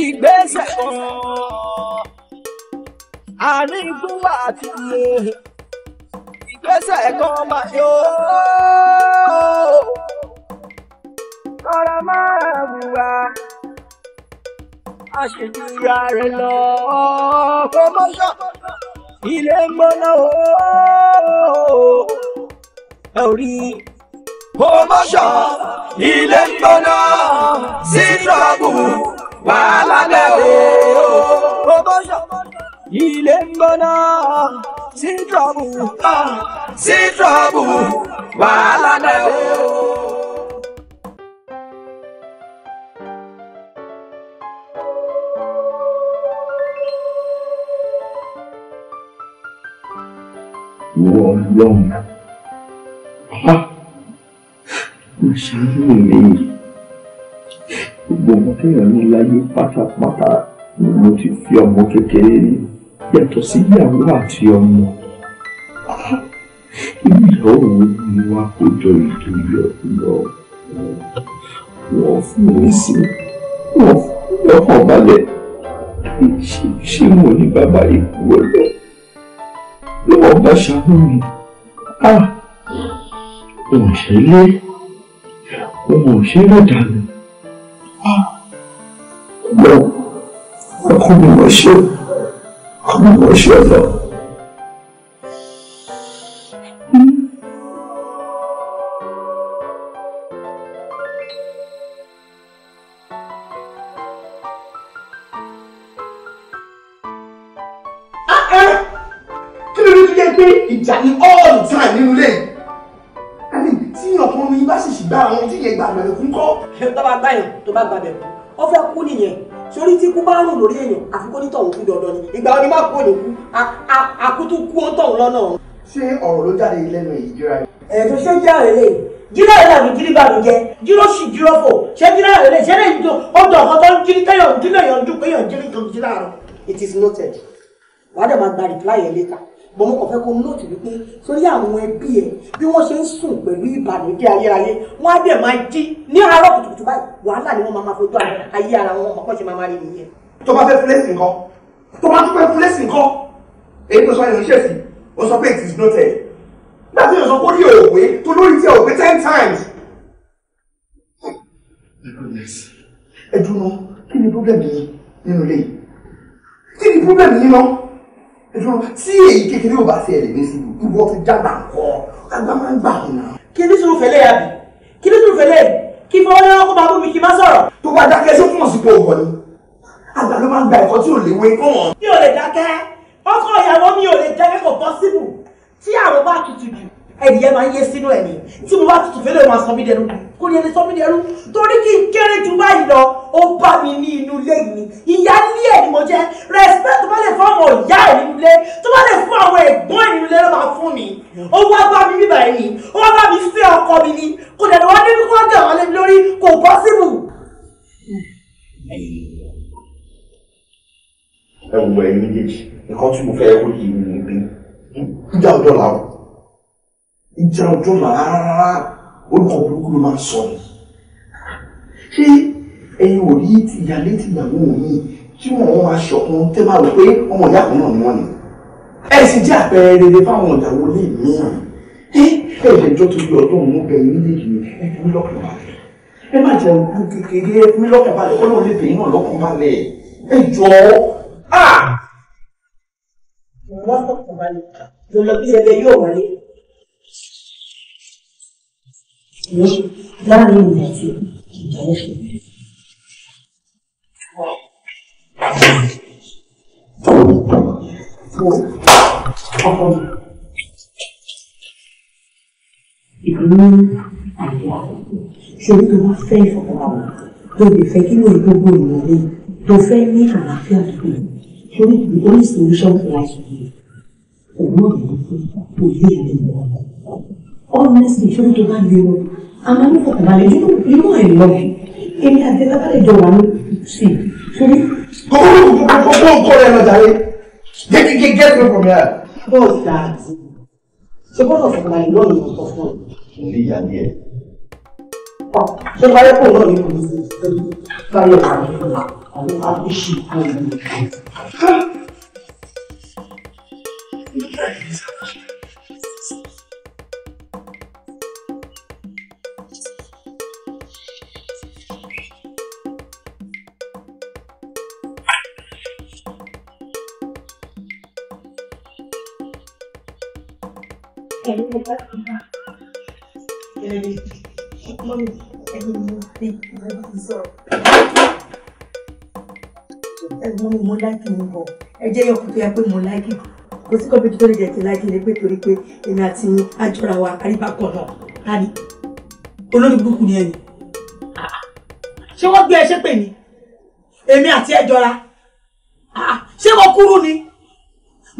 ìgbésẹ̀ kan àníkúwà ti lè ìgbésẹ̀ kan máa yọ kọ́ra máa wùwà àṣejúra rẹ̀ lọ promotion ilé ń gbóná ooo orí ó mọ̀ ṣọ́ ilé ń gbóná sí trọ́bù wàhálà lẹ́ o. ó mọ̀ ṣọ́ ilé ń gbóná sí trọ́bù sí ah, trọ́bù wàhálà lẹ́ o. ìwọ ọlọ́run ṣàánú mi gbogbo ọmọ téèyàn ní láyé pátápátá ni mo ti fi ọmọ kékeré rí yàtọ̀ sí ìyàwó àti ọmọ ibi ìyàwó mi wá kójọ ìdúró lọ wọn fún mi sí wọn fún mi ọkàn balẹ̀ ṣé mo ní bàbá ikú ọlọ lọ́wọ́ bá ṣàánú mi ah òṣèlú. 我有些累了，啊，我我可能有些，可能有些早。tí ọ̀pọ̀ mi bá sì sì gbá àwọn tí yẹn gbà bẹ̀rẹ̀ kú kọ́. tó bá gbà yàn tó bá gbà bẹ̀rẹ̀ kú ó fẹ́ kú nìyẹn sórí tí kú bá rùn lórí èèyàn àfi kó nítọ̀hún kú dandan ni ìgbà oní má kú òní kú àkútú kú ó tọ̀hún lọ́nà ọ̀hún. ṣé ọ̀rọ̀ ló jáde lẹ́nu èyí jíra yìí. ẹ̀ẹ́dùn ṣé jẹ́ àrẹ lè jíró ìlà mi jírí bàmí jẹ jíró sì jíró fò ṣé jíró àrẹ lè ṣé lè jọ ọdọ ọkọ tó ń jírí tẹyọ ń jírí èèyàn dùn pé èèyàn jírí kan jírí àrọ. It is noted wàá dẹ̀ máa gba reply yẹn later bọ́n mo kàn fẹ́ kó nóòtù wípé sórí àwọn ẹbí ẹ bí wọ́n ṣe ń sùn pẹ̀lú ìbànújẹ́ ayérayé wọ́n á dẹ̀ máa jí ní àárọ̀ kùtùkùtù báyìí wàhálà ni wọ́n máa máa fojú ayé ara wọn ọmọkàn ṣe máa máa rí nìyẹn. tó bá fẹ́ fúlẹ́sì nǹkan tó bá tún fẹ́ fúlẹ́sì nǹkan èyí tó sọ yẹn oníṣẹ́ sí o sọ pé it is noted nígbà tí o sọ pé ó rí òwe tó lórí tí times. ẹ dúró kí ni problem yìí nínú ilé yìí kí ni problem yìí náà ìṣòro tí èyí kékeré ò bá sí ẹlẹ́gbẹ́ sí i ìwọ ti dàgbà kọ́ àgbà máa ń gbà yín náà. kí ni sùúrù fẹlẹ́ yà bì kí ni sùúrù fẹlẹ́ kí fọwọ́lẹ́wọ́ kó máa bú mi kí n má sọ̀rọ̀. tó bá dákẹ́ sí fún òsìkò ọ̀gbọ̀n ni àgbà ló máa ń gba ẹ̀kọ́ tí ò léwé fún wọn. mi ò lè dákẹ́ ọkọ ìyàwó mi ò lè jẹ́ kẹ́kọ̀ọ́ possible tí àwọn bá tutù jù ẹ̀dìyẹ máa ń yé sínú ẹ̀ ni tí mo bá tutù fẹ́lẹ̀ máa sọ mí dẹnu kò ní ẹni sọ mí dẹnu torí kí n kéré ju báyìí lọ ó bá mi ní inú ilé yìí ìyá ilé ẹ̀ ni mo jẹ́ respect tó bá lè fún àwọn ìyá ẹ̀ nínú ilé tó bá lè fún àwọn ẹ̀gbọ́n ẹ̀ nínú ilé ló máa fún mi ó wá bá mi bíbà ẹ̀ ni ó wá bá mi fẹ́ ọkọ mi ni kò dẹ̀ wá débi kó dẹ̀ wọ́n lé mi lórí kò possible. ẹ wo ẹ̀yin méjèèjì nǹkan tí mo fẹ́ kó yìí ni ìgbín ìjà ọjọ́ làwọn ìjà òjò rárá orúkọ burúkú ló máa ń sọ ni ṣé ẹ̀yin ò rí ìyálé ti ìyàwó mi tí wọn wọn aṣọ kan tẹ máa rò pé ọmọ ìyá kan náà ni wọn ni ẹ sì jẹ́ àpẹẹrẹ rere fáwọn ìyàwó lè mìíràn ẹ ẹ ìjọ tó yọ ọdún mú bẹ yín léyìí ẹ fún lọ́kàn balẹ̀ ẹ má jẹ ojú kékeré ẹ fún lọ́kàn balẹ̀ ó lọ lè bẹ yín náà lọ́kàn balẹ̀ ẹ jọ ah! á. wọ́n lọ́kàn balẹ̀ lọ́lọ́ bí ẹlẹ́ yóò wáyé. 让你来去体验的是。ìbínú àyà ṣe tó wá fẹ́ ìfọ̀kànbalẹ̀ tó lè fẹ́ kí lóye gbogbo ìwọlé tó fẹ́ ní àlàáfíà tó lè torí ìdílé solution for life yìí òun náà ló fẹ́ kó lè rìn lọ́wọ́ honestly ṣé tó bá lè wọn àmọ́ ní fọkànbalẹ̀ yóò yóò ẹ̀ lọ èmi àti tábàlẹ̀ jọ wà ní sí i. kókó kókó kókó rẹ lọ jàre jẹ́ kí kí get me from here. bọ́ọ̀sì dáa ṣe bọ́ọ̀sì fọkànbalẹ̀ lọ́ọ̀nù ọ̀tọ̀ fún ọ. mo lè yà ní ẹ ṣé bá yẹ́pọ̀ náà ní kòmí sí báyọ̀ àwọn abúṣì ìkó ìlú. ẹ̀gbọ́n mi mo láìkì mi bọ ẹ jẹ́ yọkùn tó yẹ pé mo láìkì kò sí kọ́bí tó lè jẹ́ kí láìkì lè pé torí pé èmi àti àjọra wa ah, àríbákan náà á ní olórí burúkú ni ẹni ṣé wọ́n gbé ẹṣẹ́ pè ní èmi àti ẹjọ́ra ṣé mo kúrú ni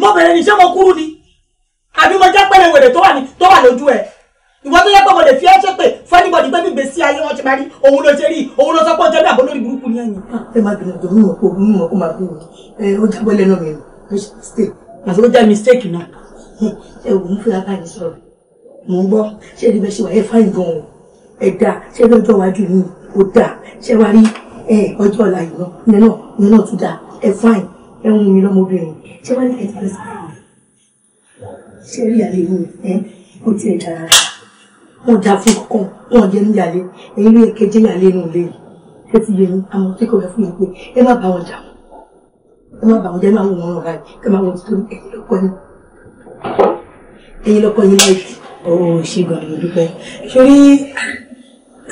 mo bẹ̀rẹ̀ ni ṣé mo kúrú ni àbí mo jẹ́ pẹ̀lẹ́ wèrè tó wà ní tó wà lójú ẹ̀ ìwọ tó yẹ pé mo lè fi ẹ́ ṣe pé fẹ́nibọ̀dì pé gbígbé sí ayé wọn ti máa rí òun ló ṣe rí òun ló sọ pé ó jẹ́ bí àbọ̀ lórí burúkú ní ẹ̀yìn. Ah, ẹ má bínú jọ mímọ kó mímọ kó má bínú ẹ ó jábọ́ lẹ́nu mi mistake. àti ó jẹ́ mistake náà. ẹ wò ó fi apá yìí sọ̀rọ̀ mò ń gbọ́ ṣé ẹni bẹ́ẹ̀ ṣe wà ẹ fáyìn gan-an ẹ dáa ṣé lọ́jọ́ iwájú yìí ó dáa ṣé wàá rí ọjọ́ ọ̀la yìí náà ìyẹn náà tún dáa ẹ fáyìn ẹ ń mú mi lọ́mọbìnrin ṣé wàá rí ẹ ṣé orí ìyàlẹ́ yìí ẹ kò tiẹ̀ dára wọn jà fún kankan wọn jẹ níyàlẹ́ ẹ̀yin ló yẹ kẹ́ jẹ́ ìyàlẹ́ nù lé ẹ ti yẹ ní àwọn tí kò yẹ fún yẹn pé ẹ má bá wọn jà ẹ má bá wọn jà ẹ má wọn wọn ráyè ẹ má wọn tó ẹ̀yin lọ́kọ yín ẹ̀yin lọ́kọ yín láì ó ṣe gbọ́dọ̀ mo dúpẹ́ sórí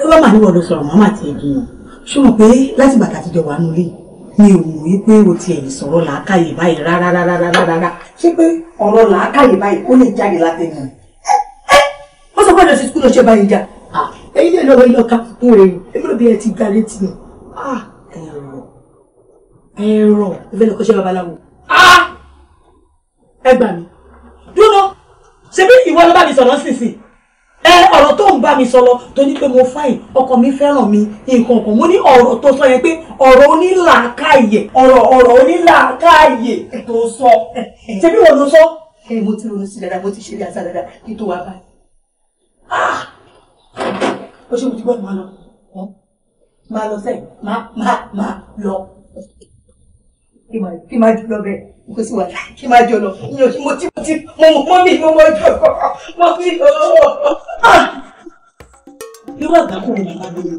ẹ bá màá ní wọn lọ sọ̀rọ̀ màmá tiẹ̀ dùn ṣùgbọ́n pé láti bàtà àtijọ́ wà nulẹ̀ yìí mi ò mọ̀ wípé o ti ẹ̀yìn sọ̀rọ̀ làákàyè báyìí rárá rárá rárá rárá ṣé pé ọ̀rọ̀ làákàyè báyìí ó lè jáde látẹnu wọ́n sọ pé ọ̀dọ̀ sí skul ọ̀ṣẹ́ báyìí já ẹ̀yin náà lọ́wọ́ ìlọ́ka fún rẹ̀ èmi ló bí ẹ ti ga létí mi ẹ̀rọ ẹ̀rọ ẹ̀fẹ́ lọ́kọ́ ṣe babaláwo ẹ gbà mí dúró ṣebí ìwọ ló bá mi sọ̀rọ̀ sísìn ẹ ọ̀rọ̀ tó ń bá mi sọ lọ tó ní pé mo fáìn ọkọ mi fẹ́ràn mi nǹkan kan mo ní ọ̀rọ̀ tó sọ yẹn pé ọ̀rọ̀ onílàákàyè ọ̀rọ̀ ọ̀rọ̀ onílàákàyè tó sọ ṣebí wo ló sọ. ẹ mo ti ronú sí dada mo ti ṣe bí àṣà dada kí tó wá báyìí. Ah! ó ṣe mo ti gbọ́ máa lọ máa lọ sẹ́yìn máa máa máa lọ kí máa jù lọ bẹ́ẹ̀ mo sì wà kí máa jọ lọ mi ò mo ti mo ti mo mọ mi mo mọ jọ mo ti irú àgbákùn ni bàbá mi lè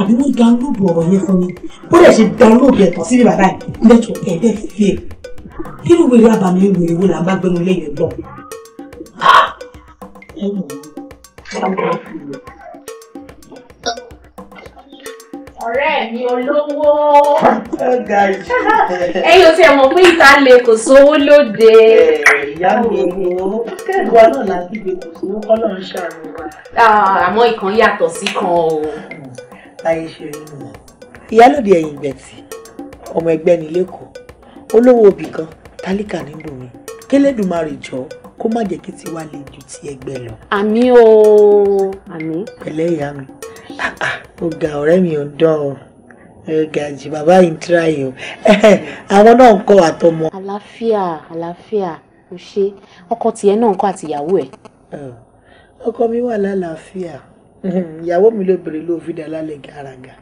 àbí wọ́n dáńlóòdù ọ̀rọ̀ yẹn fún mi bó dẹ̀ ṣe dáńlóòdù ẹ̀tọ́ sí bàbá yìí lẹ́tọ̀ ẹ̀ẹ́dẹ́ fi ẹ̀ kí ló wẹ̀rẹ̀ àbàmì wẹ̀rẹ̀ wo là ń bá gbẹnu lẹ́yìn ẹ̀gbọ́n. ẹ wò ó ká wọ́n fi lè ọ̀rẹ́ mi olówó. ẹ̀yin ò tiẹ̀ mọ̀ pé ìta lè kò sówó lóde. Eh, ìyá mi ò kẹ́ẹ̀dùwà náà láti gbé kò sówó kọ́lọ́ ń ṣàrò wa. àmọ́ ìkan yàtọ̀ sí kan o. láyé ṣe rí mi. ìyálòdì ẹ̀yìn ìgbẹ̀tì ọmọ ẹgbẹ́ ní lẹ́kọ̀ọ́ olówó òbí kan tálíkà ní dùnmí kélédùmarè jọ kó má jẹ́ kí tiwa lè ju ti ẹgbẹ́ lọ. àmì o àmì. pẹ̀lẹ́ ìyá mi ó ga ọ̀rẹ́ mi ò dán o ẹ ga jù bàbá yìí ń tíra yìí o àwọn náà ń kọ́ àtọmọ. àlàáfíà àlàáfíà ó ṣe ọkọ tiẹ̀ náà ń kọ́ àtìyàwó ẹ̀. ọkọ mi wà lálàáfíà ìyàwó mi ló ló fi dà lálẹ́ gàràgà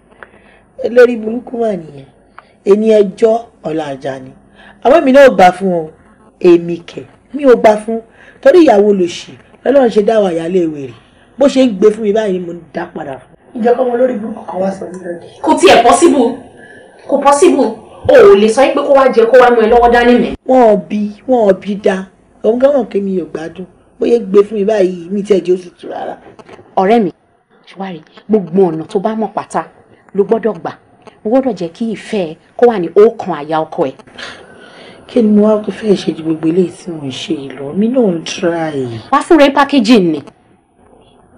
lórí burúkú mà nìyẹn ẹni ẹjọ́ ọ̀la àjà ni àwọn èmi náà ò gbà fún o èmi kẹ̀ mi ò gbà fún torí ìyàwó lòṣì lọ́lọ́run ṣe dáwọ̀ àyálé ìwé rẹ̀ bó ṣe ń gbé fún mi báyìí mo dá padà fún ìjọba wọn lórí burúkú kan wá sọ nílò ni. kò tiẹ̀ possible kò possible o ò lè sọ pé kó wá jẹ kó wá mú ẹ lọ́wọ́ dání mẹ́. wọn ò bí wọn ò bí da òun gánmọ̀ pé mi ò gbádùn bóyá gbé fún mi báyìí mi tiẹ̀ jẹ́ òtútù rárá. ọ̀rẹ́ mi ṣùwárí gbogbo ọ̀nà tó bá mọ̀ pátá ló gbọ́dọ̀ gbà mo gbọ́dọ̀ jẹ́ kí ìfẹ́ kó wà ní ọkàn àyà ọkọ ẹ. kí ni mo wá kó fẹ́ ṣe ju gbogbo eléyìí tí mò ń ṣe lọ mi náà ń try. wá fún rẹ packaging ni.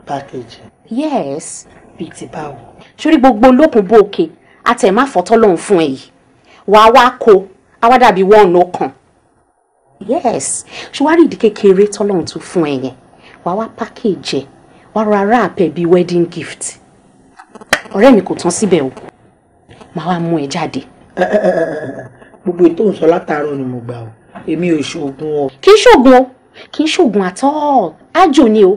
packaging. yes bíi ti báwo. sórí gbogbo olókùn bó òkè àtẹ̀máfọ́tọ́ lòun fún ẹ yìí wàá wá kó àwa dàbí wọ́n ò kàn. yes ṣùwárí ìdí kékeré tọ́lọ́run tún fún ẹ yẹn wàá wá pákéèjì ẹ wàá rọra ráàpẹ̀ bíi wedding gift. ọ̀rẹ́ mi kò tán síbẹ̀ o màá wá mú ẹ jáde. gbogbo ètò ìsọ látàárọ̀ ni mo gbà o èmi ò ṣoògùn o. kì í ṣoògùn o kì í ṣoògùn àtọ́ àjò ni o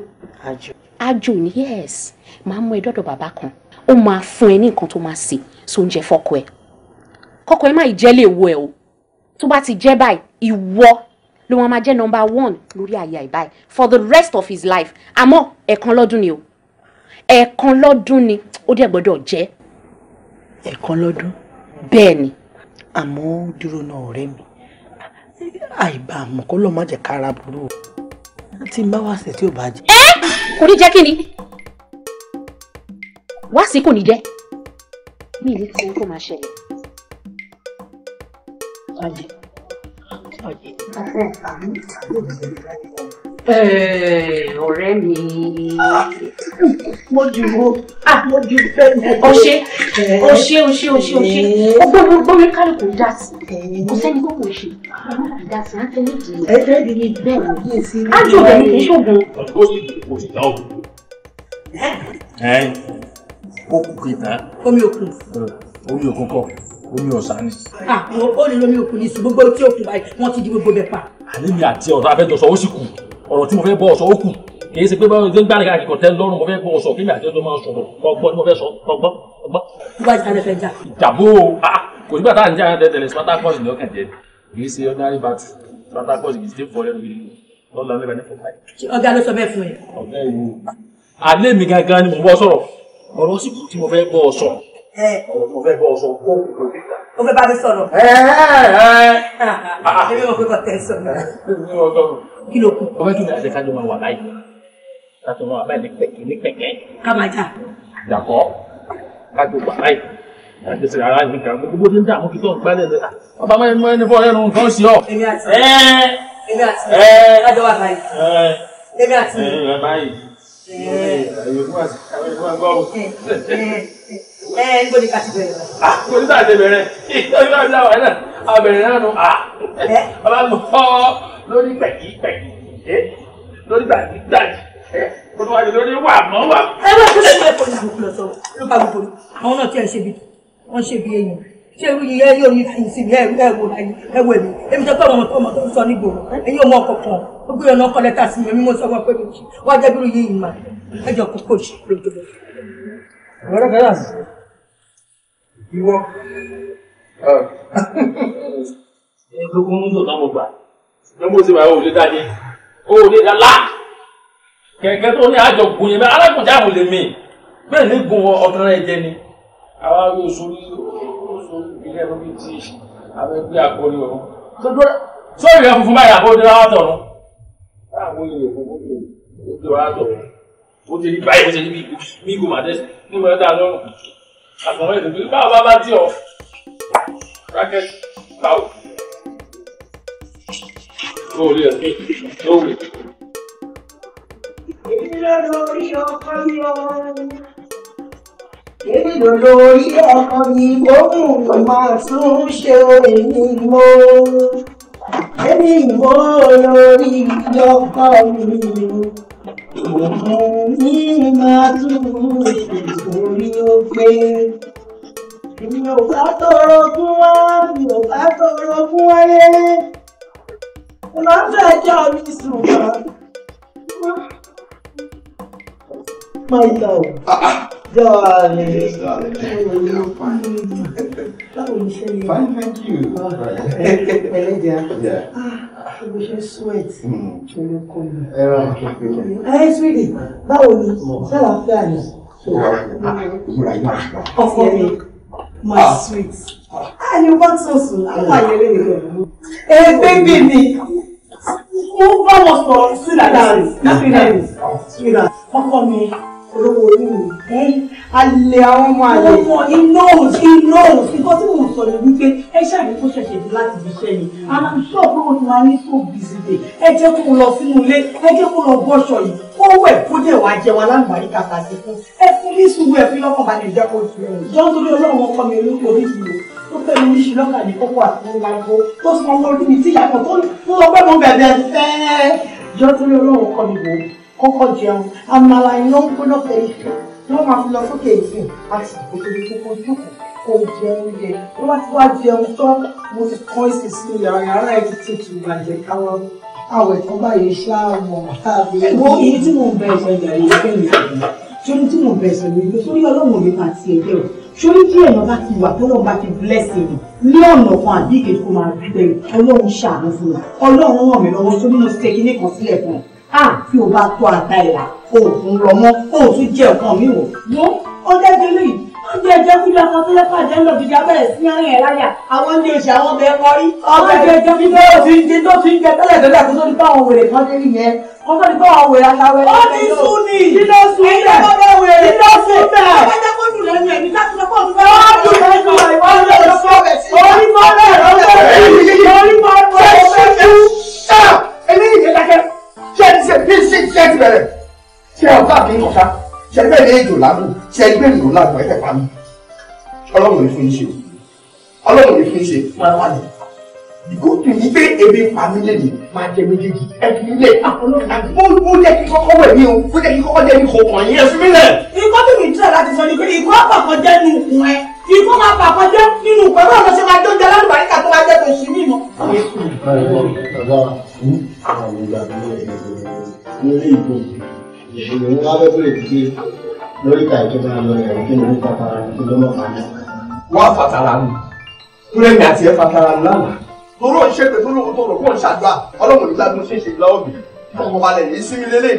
àjò ni yes máa mú ẹ dọ́dọ̀ bàbá kan ó máa fún ẹ ní nǹkan tó máa sè sóúnjẹ fọ́kọ ẹ kọ́kọ ẹ má jẹ́ lè wo ẹ o tó bá ti jẹ́ báyìí ìwọ ló máa jẹ́ nọmba one lórí àyà ẹ̀ for the rest of his life àmọ́ ẹ̀ẹ̀kan lọ́dún ni o ẹ̀ẹ̀kan lọ́dún ni ó dẹ̀ gbọ́dọ̀ jẹ́. ẹ̀ẹ̀kan lọ́dún. bẹ́ẹ̀ ni. àmọ́ dúró náà ọ̀rẹ́ mi àìbá àmọ́ kó lọ́ọ́ má jẹ́ kára burú o tí bá wà tí ò bá jẹ́. ẹ kò ní jẹ́ kí ni wá sí kò ní jẹ́ mi ì lè kí kó máa ṣẹlẹ̀. ọjẹ ọjẹ. ọ̀rẹ́ mi. mo jù wo mo jù bẹ́ẹ̀ ni. ọṣẹ ọṣẹ ọṣẹ ọṣẹ ọṣẹ ọgbọ́n mi gbọ́n mi kálukú dá sí kò sẹ́ni tó kò ṣe dá jẹ́ ẹ tẹ́lẹ̀ bẹ́ẹ̀ ni á jù ọ̀gá mi kì í ṣògùn. ọ̀gá mi kò sí dáhùn ó kù kì í tán. omi òkun. omi òkun kọ omi ọ̀sán ni. àwọn olùlómi òkun ní sùn gbogbo tí ó kù báyìí wọ́n ti di gbogbo bẹ̀ pa. àlejò àti ọ̀tá afẹ́jọsọ ó sì kù ọ̀rọ̀ tí mo fẹ́ bọ́ ọ̀sọ́ ó kù kìí ṣe pé báwo ṣe ń gbàlẹ̀ káàkiri kò tẹ́ lọ́rùn mo fẹ́ gbọ́ ọ̀sọ̀ kíni àti ọjọ́ máa sọ̀rọ̀ ọgbọ́n ni mo fẹ́ sọ ọgbọ́n ọgbọ́n. wá ìtàn ẹ̀fẹ̀ jà. ìjàmbó ah, kò sígbà táà ń jẹ́ àwọn tẹ̀tẹ̀lẹ̀ spartakọ́sì ní ọkàn jẹ́ kìí ṣe ordinary bat spartakọ́sì kìí ṣe fọ́ lẹ́nu gidi lọ́la lẹ́bàá ní fọ́fà. ọ̀gá ló sọ bẹ́ẹ̀ fún ẹ. ọ̀gá ìwò alẹ́ mi gangan ni mo bọ́ sọ̀rọ̀ ọ̀rọ̀ sì tí mo fẹ́ bọ́ ọ sọ. ọ̀rọ̀ mo fẹ́ bọ́ ọ sọ kó o kò dé ta. o fẹ́ bá mi sọ̀rọ̀. ẹ̀ẹ́dẹ́gbẹ́ mo fẹ́ kọ́ tẹ́ sọ̀rọ̀. kí ló kù. ọbẹ̀ kí ni àṣekájọ máa wà báyìí láti máa wà báyìí ní pẹ̀kẹ́ ní pẹ̀kẹ́. ká máa jà. dàkọ́ ká wà báyìí láti ṣe ara nìkan mo gbogbo tó ń dààmú kí tó gbálẹ̀ lọ. ọba mẹ́rin mọ́ ẹni fọ́ ẹnu nǹkan sí ọ. èmi àti èmi àti ẹ níbo ni ká ti bẹ̀rẹ̀ rẹ̀. a kò ní sàdé bẹ̀rẹ̀ ìtọ́jú náà dáwọ̀ ẹ̀ náà àbẹ̀rẹ̀ náà nù a bàbá mi họ́ lórí pẹ̀kì pẹ̀kì lórí gbàdí gbàdí kó tó wá di lórí wà mọ́ wà. ẹ bá tó lè ní ẹ̀kọ́ ní gbogbo lọ́sọ̀rọ̀ ló bá gbogbo àwọn náà tí ẹ ṣe bí wọ́n ṣe bí èèyàn ṣé irú yìí ẹyọ yìí fi sí mi ẹwọ ayé ẹwọ èmi èmi tó fẹ́ ọmọ ọmọ tó ń sọ nígbò ẹyọ ọmọ kọ̀ọ̀kan ó gbé ọ̀nà ọkọ̀ lẹ́tà sí mi mímú sọ wọn pé mi wá jẹ́ irú yìí mà ẹjọ kókó ṣì lójú lọ. ọ̀rẹ́ kan láti ìwọ ẹgbẹ́gbọ́n ń dùn lọ́mọ gbà lọ́mọ sí wàá òòlù dáadé òòlù dáadá kẹ̀kẹ́ tó ní àjọ gùn yẹn bẹ́ẹ̀ alágùnjà lè mí bẹ́ẹ̀ ní gùn ọ̀kan ilé ẹ̀rọ bíi ti àwọn ẹgbẹ́ àkórí ọ̀run. sórí rẹ funfun báyìí àbọ̀ òdìrà wà tọ̀run. báwo ni òkú òdìrà wà tọ̀run ó ti rí báyìí ó ti rí bí igun màdẹ́sì ní mo dá lọ́rùn àtọ̀rọ̀ èdè bí báwo bá bá tí ọ rákẹ́tì báwo. ó rí ẹ̀ ó rí. ìlànà ìṣọ̀kan yọ̀ ọ́ èdò lórí ẹ̀kọ́ ni gómìnà máa tún ṣe èmi mo èmi mo lórí ọkọ mi òun ní máa tún ṣe orí ọgbẹ́ mi ò bá tọrọ fún wa mi ò bá tọrọ fún wa lé mo máa ń fẹ́ jọ mi sùn wá. My love. Ah, ah. Darling. Yes, darling. Oh, fine. fine, thank you. Oh, right. yeah. Ah, I wish I sweat. Mm. Hey, eh, sweetie, báwo ni? Sára fẹ́ àná. Ọkọ mi, my ah. sweet. Àyè bá tó sùn, àwọn àyèrè nìkan. Ẹ bébì mi mo ń bá wọn sọ̀rọ̀ sí dáadáa rẹ̀ láti rẹ̀ ọkọ mi olówó orí mi. alẹ́ àwọn ọmọ àlè. ọmọ iná òun iná òun sí nǹkan tí mò ń sọ ni wípé ẹ ṣàlẹ́ tó ṣẹ̀ṣẹ̀ dé láti fi ṣẹ́ ni àmọ́ sọ pé ti wá ní so busy day ẹ jẹ́ kó lọ sínú ilé ẹ jẹ́ kó lọ bọ́ṣọ yìí kó wẹ̀ kó dẹ̀ wá jẹ wa láǹbàrí kàkà sí fún ẹ fún ní sùúrù ẹ fi lọ́kàn balẹ̀ jẹ́ kó tu ẹ̀ jọ́ nítorí ọlọ́run ọkọ mi olóko oríṣi o tó fẹ́ mi oríṣi lọ́kàn ní kókó àtúnú lágbo tó sọ ọmọ orí mi kọ́kọ́ jẹun àmàlà iná ń gbóná fẹ́ẹ́fẹ́ ló máa fi lọ sókè ìsìn àti òkèlè kókó jókòó kó jẹun yẹ ló bá ti wá jẹun tán mo ti kọ́ ìsìn sí yàrá yàrá ẹ̀ ti tutù ìbàjẹ́ káwọn àwẹ̀ tó báyìí ṣáàmù tàbí. wo ibi tí mo ń bẹ ẹsẹ̀ ìjà yìí fẹ́ mi àgbẹ̀ sórí tí mo ń bẹ ẹsẹ̀ mi ìgbé sórí ọlọ́run mi máa ti ẹgbẹ́ o sórí tí èèyàn bá ti wà tọ́lọ́ bá ti blẹ́sì mi ní ọ̀nà kan àbí ìkejì kó máa rí bẹ́ẹ̀ ọlọ́run ṣàánú fún mi ọlọ́run ràn mí lọ́wọ́ sórí mo ti tẹ kan sílẹ̀ fún mi tí o bá tó ata ìlà o fún lọ mọ́ o tún jẹ ọ̀kan mi wò. wo ọjọ́ ìdílé yìí oúnjẹ ìjẹkújẹ kan tó lẹ́kọ̀ọ́ jẹ́ ńlọ gidi abẹ́rẹ́ sí ẹ̀rín ẹ̀ láyà. àwọn oúnjẹ oṣù àwọn ọbẹ̀ ẹ̀kọ́ rí. ọbẹ̀ ìjẹkújẹ tó fi ń jẹ tó fi ń jẹ tẹ́lẹ̀ tẹ́lẹ̀ kó tó di báwọn wèrè kan dé nìyẹn kó tó di báwọn wèrè àtàwọn ó ti sún ni ìdílé sún bẹ́ẹ̀ ẹ̀yìn ọmọdé wèrè ìdílé sún bẹ́ẹ̀. ọmọdé kó dùn lẹ́nu ẹ̀mí láti lọ kó dùn lẹ́nu ẹ̀mí. ó dùn lẹ́nu ẹ̀mí ó dùn lẹ́nu ẹ̀mí ó dùn lẹ́nu ẹ̀mí ṣé ti ṣe bí ṣe ṣe ti bẹ̀rẹ̀ ṣe ọ̀gá mi kọ̀ọ̀ká ṣe ẹgbẹ́ mi èjò lágùn ṣe ẹgbẹ́ mi làgùn ẹ̀fẹ̀ pa mi ọlọ́run ní fún yín ṣe ọlọ́run ní fún yín ṣe wáyà ìgòtò yìí pé ebi pa mí lẹ́yìn máa jẹ méjèèjì ẹbí ilé àpọ̀lọ́gbọ̀n ó jẹ́ kí kọ́kọ́ wẹ̀ mí o ó jẹ́ kí kọ́kọ́ jẹ́ kí kò kàn ikú máa pàpọ̀ jẹ́ nínú pẹ̀lú ọ̀nà ṣe máa jọ́jọ́ alálùbáríkà tó máa jẹ́ tó ṣì nínú. bàbá àwọn ìgbàgbọ́ lórí ìbò ìṣòro ńlá bẹ́ẹ̀ pé lórí ìka ìjọba lọ ẹ̀rọ kí ló ń fatara kí ló mọ̀ fàájà. wọ́n á fatara nù túrẹ́mì àti ẹ̀ fatara nù lánàá. torí òun ṣépè tó lóko tó rò kó ń ṣàdúrà ọlọ́mọ nígbà tó ṣèṣe lọ́wọ́ mi ọkọ̀ balẹ̀ ní sími lélẹ̀.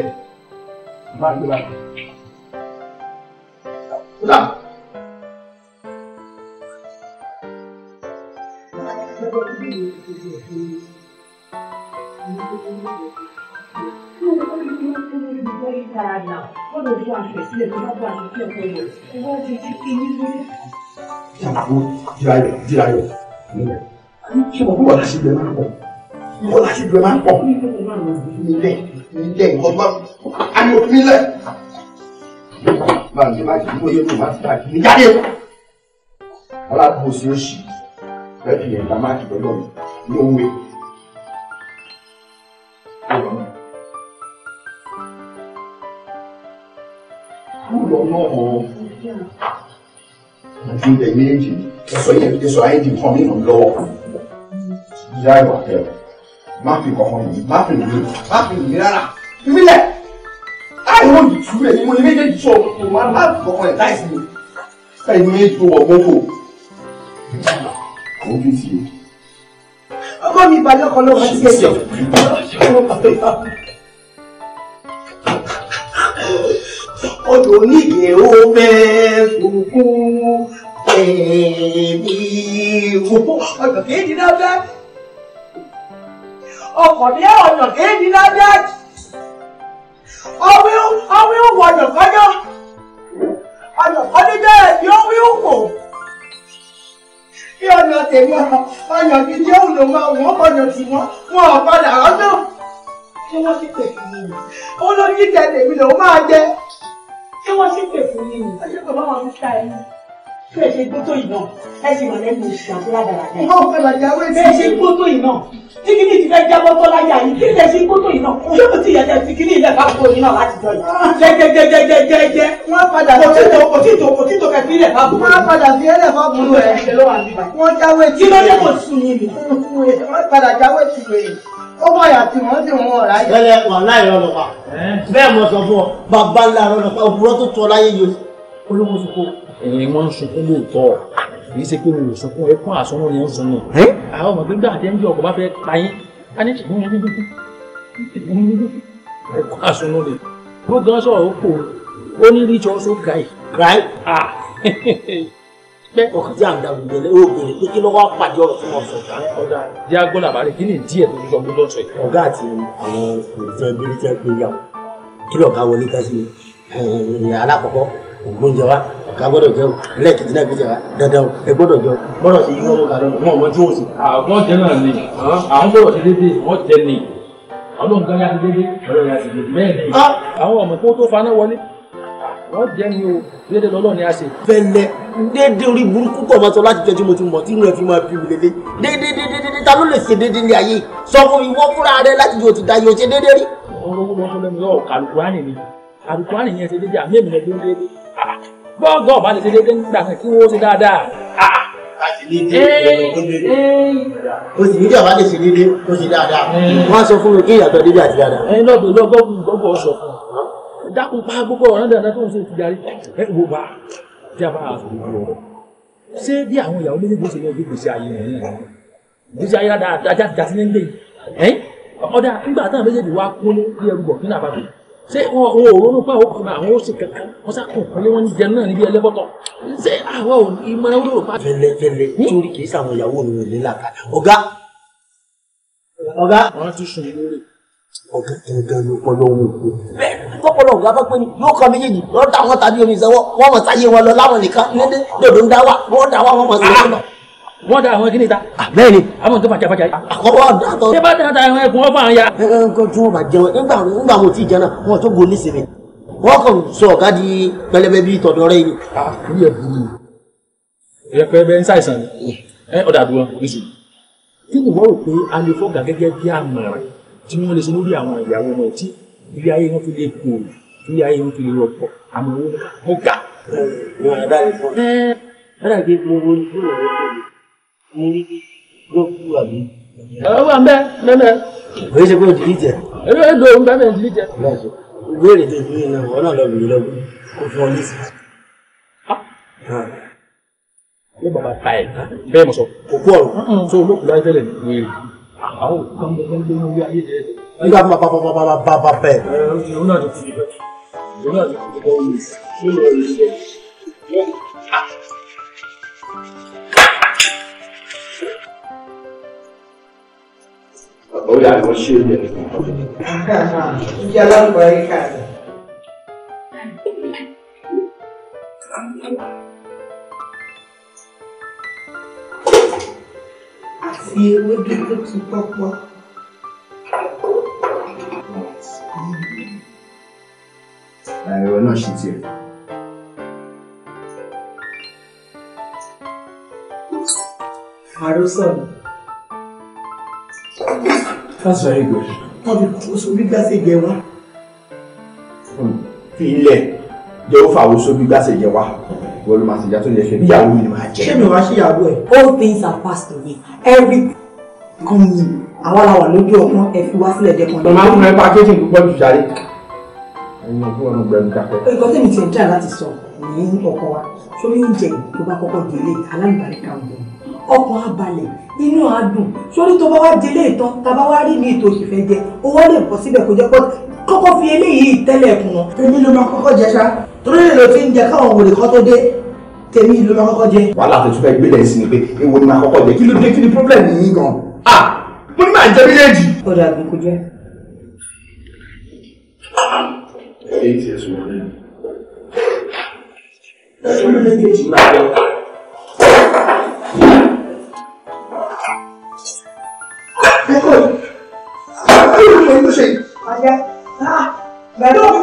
No, what do you do? You will be very tired now. What do you want to say? You don't want to say you don't want to say you don't want to say you don't want to say you don't want to say you don't want to say mo láti bẹ̀rẹ̀ máa ń pọ̀ nílẹ̀ nílẹ̀ ọgbọ́n àmì òfin nílẹ̀ báyìí báyìí mo yẹ kó máa ti báyìí ní jáde alágbòsí oṣù bẹ́ẹ̀ fi ẹ̀ka máa ti bẹ̀rẹ̀ lọ́wọ́ ní òwe. lọ́nà ọ̀hún ju ilẹ̀ méjì ẹ̀sọ́ yẹn ẹ̀sọ́ ayé di nǹkan mìíràn lọ́wọ́ ìyá ìwà tẹ̀lé má fi kọ̀ọ̀kan yìí má fi nìyí má fi nìyí rárá ìbílẹ̀ àìwọ̀n ni mo ní méjèèjì sọ kò má má fi kọ̀ọ̀kan ẹ̀ láìsí mi ẹ̀yìn méjì tó wọ̀ mọ́tò kò ń fi sí i. mi ìbàdàn kan ló wá sí ẹjọ́. odò onígè ó fẹ́ kúkú ẹ̀ẹ́dì wò ọ̀nà kéèdì lábẹ́ ọkọ̀ ní ọ̀nà kéèdì lábẹ́ ọwí ọwí wọ ọ̀nà kọ́jọ́ ọ̀nà kọ́jọ́ jẹ́ ẹ̀dí ọwí wò kí ọ̀nà tèmi ọ̀nà gidi òun ló máa wọ́n ọ̀nà tì wọ́n wọn ò padà ọ̀nà wọ́n ti tẹ̀lé mi ó lórí tẹ̀lé mi lòún máa jẹ́ ṣé wọ́n ṣe pè fún yín ni ọjọ́ pé báwọn ti ta ẹni bí ẹ ṣe gbótó iná ẹ sì mọ̀ lẹ́nu oṣù àti ládàradà. ìwọ òfin làjà wẹ́ẹ́ tí. bí ẹ ṣe gbótó iná tíkìní ti fẹ́ jábọ́ tó láyà yìí kí ẹ ṣe gbótó iná yóò tó ti yẹ kẹ́ tíkìní ilẹ̀ bá bo iná láti jọ yìí. jẹjẹjẹjẹjẹjẹ wọ́n padà fi ẹlẹ kò tí tó kò bá bo. wọ́n padà fi ẹlẹ bá bo rẹ̀ wọ́n jáwé tì. kí ló kò sùn yìí mi. wọ́n padà jáwé tì ó mọ̀ yà tí wọ́n sì mú ọ láyé. bẹ́ẹ̀ wà láì rọ lọ́pàá bẹ́ẹ̀ mo sọ fún ọ bàbá ńlá rọ lọ́pàá òwúrọ̀ tó tọ́ láyé yìí olówó sunkún. ẹ̀yin ń sunkún lóòótọ́ kì í ṣe pé olùrò sunkún ẹkún àsọnù ni ó ń sun ni. àwọn ọmọ gbígbà àti ẹnjẹ ọkọ bá fẹ́ pa yín a ní ṣùgbọ́n wọn gbígbó ẹkún àsọnù ni. bó gan sọ̀rọ̀ ó kò ó ní rí pẹ́. ọkàn tí a ń da gbogbo ẹ o bèrè pé kí ló wá pàdé ọ̀rọ̀ tí wọ́n sọ ká. ọ̀gá diago làbárẹ̀ kí ni díẹ̀ tó sọ gbọ́dọ̀ sọ yìí. ọ̀gá àti àwọn olùfẹ́ bírí tẹ́ pé yà kí lọ́ọ̀gá wọlé ká sí mi alákọ̀ọ́kọ́ ògbóúnjẹ wa ọ̀gá gbọ́dọ̀ jẹun ẹlẹ́ẹ̀kejì náà gbọ́dọ̀ dandan ẹ gbọ́dọ̀ jẹun gbọ́dọ̀ ṣe yíwọ́n lọ́gà lọ́nà wọn mọ tí wọ́n sì. àwọn jẹ náà ni àwọn gbọ́dọ̀ ṣe déédéé wọ́n jẹ ni àwọn lóun gan ya ti déédéé ọ̀rọ̀ ya ti déédéé ah! bẹ́ẹ̀ ni àwọn ọmọ tó tó faná wọlé wọ́n jẹ́ mi o déédéé lọ́lọ́ ni a ṣe. fẹlẹ déédéé orí burúkú kọ̀ máa sọ láti jẹ́ tí mo ti mọ̀ tí mo fi máa fi mi lélẹ̀ déédéé déédéé ta ló lè ṣe déédéé ní ayé sọ fún mi wọ́n fúnra rẹ láti jò ti da yóò ṣe déédéé rí. ọ̀rọ̀ owó lọ́sọ lẹ́nu yọ àlùkùránì ni àlùkùránì yẹn ṣe déédéé àmì èmi lọ dúró déédéé bọ́ọ̀gá ọ̀bá lè ṣe déédéé nígbà kan kí wọ́n ṣe dáadáa ah, o sì ní ìjọba lè ṣe déédéé tó ṣe dáadáa wọ́n á sọ fún mi kí ìyàtọ̀ déédéé àti dáadáa. ẹyin lọ́dọ̀ lọ́gọ́gùn gbọ́gbọ́ sọ fún ọ dákun pa gbogbo ọ̀ràn dandan tó ń ṣe ìtìjárí ẹ wo bá tí a bá a sọ gbogbo ọ̀rọ̀ ṣé bí àwọn ìyàwó méjì gbèsè lọ gbèsè ayé wọn yìí gbèsè ayé rádà ajá ti jásí nílé yìí ọ̀dà nígbà táwọn méjèèjì wá kólé bí ẹrú bọ̀ kí náà bá dùn ṣé wọn ò ronú pé àwọn ọkùnrin àwọn oṣù kankan wọn sàkùn pẹ̀lú wọn jẹ náà níbi ẹlẹbọtọ ṣé àwọn ìmọ̀ràn olóró pa. fẹlẹfẹlẹ nítorí hmm? kì í sàwọn ìyàwó mi ò ní làkà ọ̀gá ọ̀gá. wọn ti sùn lórí dandan ló pọ́ lọ́wọ́ òkú. bẹ́ẹ̀ tọ́pọ̀lọ́ ògá bá pé yóò kọ́ méjèèjì lọ́ọ́ dá wọn tàbí omi ìsanwó wọ́n mọ̀ sáyé wọn lọ láwọn nìkan nílé dòdò ń dá wà wọ́n dá wà wọ́n mọ̀ sí wọn lọ. wọ́n dá àwọn kíni ta. bẹ́ẹ̀ ni àwọn tó bàjẹ́ bàjẹ́. àkọ́kọ́ dàtọ̀. ṣé bá dàtọ̀ àwọn ẹkùn wọn fà ń ya. nǹkan tí wọ́n bá jẹun nígbà nígbà mo ti jẹun náà wọ́n tó gbóni sí mi. wọ́n kàn sọ ọ̀gá di pẹlẹbẹ bíi tọ̀dọ̀ rẹ yìí. ìyẹ̀pẹ̀ bẹ́ẹ̀ ń ṣàìsàn ni ọ̀dà àdúrà oríṣiríṣi. kí ni wọ́n rò pé a lè fọ́gà gẹ́gẹ́ bí àmọ̀ràn tí wọ́n lè ṣe lórí àwọn ìyàwó wọn tí ilé ayé wọn fi lè kúrò ilé ayé wọn fi lè rọpò àmọ́ owó ní ga. dáadáa ń bẹ́ mẹ́mẹ́. kò ṣe pé dìlí jẹ. ẹ̀rọ èdò ń bá mi dìlí jẹ. ìbéèrè tó ìbí náà wọn náà lọ bìí lọ kó fún ọ lẹ́sìn. ló bàbá ta ẹ̀ bẹ́ẹ̀ mo sọ. kò kú ọ̀rọ̀. so olókùnrin ayé tẹ́lẹ̀ ni 아우 ewédú tó ti pọ́pọ́. Ẹ̀rọ náà ṣe tiẹ̀. Àròsọ ni. That's very good. Wọ́n fi kóso wa. Fi ilẹ̀ jẹ́ ó fàwọ́ só gbígbá sí ìgbẹ́ wa wọ́n ló máa ṣèjà tó lè ṣe níyàwó mi ni máa jẹ́. ṣé mi wá ṣíyàwó ẹ̀. all things are passed away everything nǹkan mi àwa la wà lójú ọgbọ́n ẹ fi wá sílẹ̀ dẹ́kun. tọ́lá ń fún ẹ pàkéjì púpọ̀ jù sáré. ẹyin ọgbọ́n ọ̀nà gbẹ̀rù dákẹ́. nǹkan tẹ̀mí ti ń dà láti sọ ní ọkọ wa sórí oúnjẹ tó bá kọ́kọ́ délé alágbàríkà ń bọ̀ ọkàn á balẹ̀ inú á dùn sórí tó bá wá délé ìtàn tá a bá wá rí ní ètò òṣìfẹ́ jẹ owó lè bọ́ síbẹ̀ kó jẹ́ pọ́ kọ́kọ́ fi eléyìí tẹ́lẹ̀ kùn wọn. èmi ló máa kọ́kọ́ jẹ ṣá torí èlò tí ń jẹ káwọn wòlé kọ́ tó dé tèmi ló máa kọ́kọ́ jẹ. wàhálà tó tún fẹ́ gbélé sí ni pé èwo ni máa kọ́kọ́ jẹ kí ló dé kí ni problem yìí gan. ah mo ní máa jẹ méjèèjì. ó dà bí kò jẹ. èyí ti ẹ̀sùn wọn lẹ́nu. ẹ̀sùn méjèèjì máa jẹ. ẹ̀kọ́ yìí. ẹ̀kọ́ yìí ló ṣe. ọ̀jẹ̀ ah gbẹ̀dọ̀.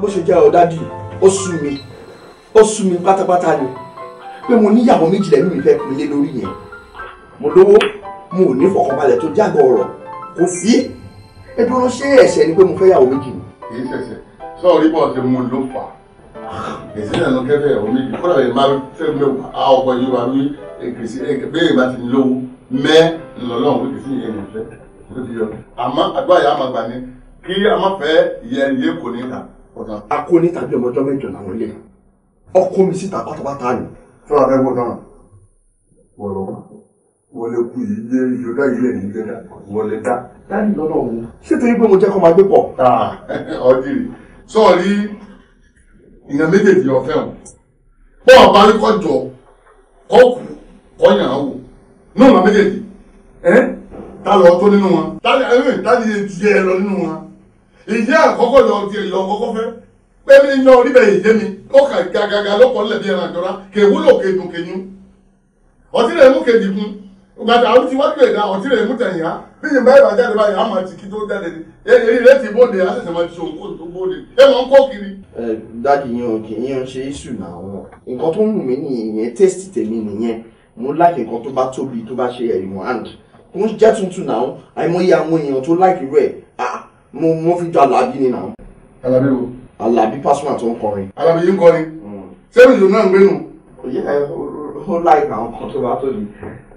bó ṣe jẹ́ ọ̀ dádì ó sú mi ó sú mi pátápátá ni pé mo níyàwó méjìlá ẹ̀mí mi fẹ́ pin lé lórí yẹn mo lówó mo ò ní fọkànbalẹ̀ tó jágọ̀ ọ̀rọ̀ kò sí ẹdùn ṣé ẹ̀ṣẹ̀ ni pé mo fẹ́ yàwó méjì ni. kì í ṣẹ̀ṣẹ̀ sọ́ọ̀rí bọ̀ ṣe mo ló fà á kìsìnà ló kẹfẹ ẹwọn méjì kódà bẹ́ẹ̀ máa fẹ́ mẹwàá á yìí wà wí kìsìnà bẹ́ẹ̀ bá ti lówó mẹ ńlọlọrun wí kìsìnà yẹn mọ fẹ ló yọ àmọ́ àgbà yà á gbà ní kí a má fẹ́ yẹ iye kò ní ta ọ̀tá. a kó ní tàbí ọmọ ọjọ́ làwọn lè ọkọ mi síta pátápátá ni. fúnra fẹ́ gbọ́dọ̀ wọ̀rọ̀ wọlé kú yìí yé ìjọba yìí lè ní ilé dá wọlé dá. dáàdì lọ́nà òun. ṣé torí pé mo jẹ́ kó máa gbé pọ̀. Ah, ọdí ìyẹn méjèèjì ọ̀fẹ́ wọn bọ́ ọba rí kọjọ kọkù kọyàn áwò ní ọ̀nà méjèèjì ẹ́ ta lọ tó nínú wọn tálí etí ẹ lọ nínú wọn ìyá àkọ́kọ́ lọ ti èyí ọkọ́kọ́ fẹ́ pé mi yan orí bẹ́ẹ̀ yé mi ó kà gàgàgà lọ́pọ̀ lẹ́bi ẹran àjọra kèwúlò kejì kejì ọtí rẹ̀ mú kejì kún gbàtà àwọn tí wọ́n lè dá ọtí rẹ̀ mú tẹ̀yìn á bí yìí bá ìbàjẹ́ àdébá yìí á máa ti kí tó jáde ni èyí rẹ̀ ti bóde á ṣẹ̀ṣẹ̀ máa ti ṣòwò kó tó bóde ẹ máa ń kó kiri. ẹ dáàkì yẹn ò kì í yẹn ṣe iṣu náà wọn nǹkan tó ń wù mí nìyẹn tẹ́sítì tèmi nìyẹn mo láàkì nǹkan tó bá tóbi tó bá ṣe ẹ̀yìn wọn and kò ń jẹ́ tuntun náà àìmọye àwọn èèyàn tó láìkì rẹ̀ mo mo fi jọ alábí ni náà. alábí wo. alábí pásítọ̀ tó ń kọrin. alábí yìí ń kọrin. sẹ́mi mm. ìlú náà ń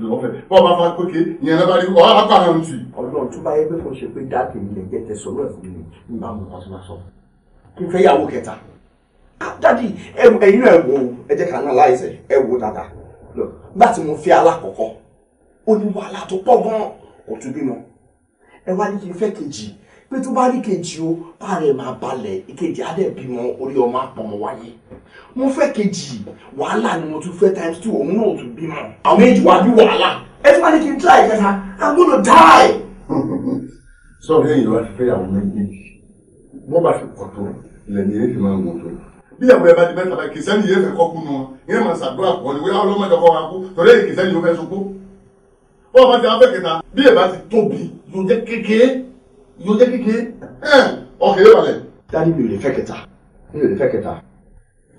lọ́wọ́ fẹ́ bọ́ọ̀ bá fa kókè ìyẹn lọ́ba rí ọ̀hún apá àwọn tì. ọlọ́run tó bá yẹ pé kò ṣe pé dáàbì mi lè jẹ́ tẹ sọ̀rọ̀ ẹ̀ fún mi nígbà mo kọ́ sọ kí n fẹ́ yàwó kẹta ah, dádì ẹ̀yin náà wò ẹ jẹ́ ká analyze ẹ wò dáadáa nígbà tí mo fẹ́ alákọ̀ọ́kọ́ ó tó pọ̀ gan-an kò tún bímọ ẹ wá ní kí n fẹ́ kejì pé tó bá rí kejì o táàrẹ̀ máa balẹ̀ ìkejì á dẹ̀ bímọ orí ọmọ àpọ̀mọ wáyé mo fẹ́ kejì wàhálà ni mo tún fẹ́ times two òun náà tún bímọ àwọn méjì wá bí wàhálà ẹ tí wàá ní kí n try ìkẹta i'm gonna die. sọ̀rọ̀ yẹn ìwà ti fẹ́ àwọn méjì wọ́n bá ti pọ̀ tó ilẹ̀ ní èyí ti máa mọ̀ tó bí àwọn ẹ̀bá ti bẹ́ẹ̀ tàbí kìsẹ́ni yẹn fẹ́ kọ́kú nu wọn yẹn máa ṣàdúrà pọ̀ ní wíwá ọlọ́mọdé ọkọ̀ wa kú torí èyí kìsẹ́ni yóò fẹ́ sunkún. bọ́ọ̀ bá ti wá fẹ́ kẹta bí ẹ̀bá ti tóbi yóò jẹ́ kékeré yóò jẹ́ kékeré ọkàn yóò balẹ̀. dádì mi ò lè fẹ́ kẹta mi ò lè fẹ́ kẹta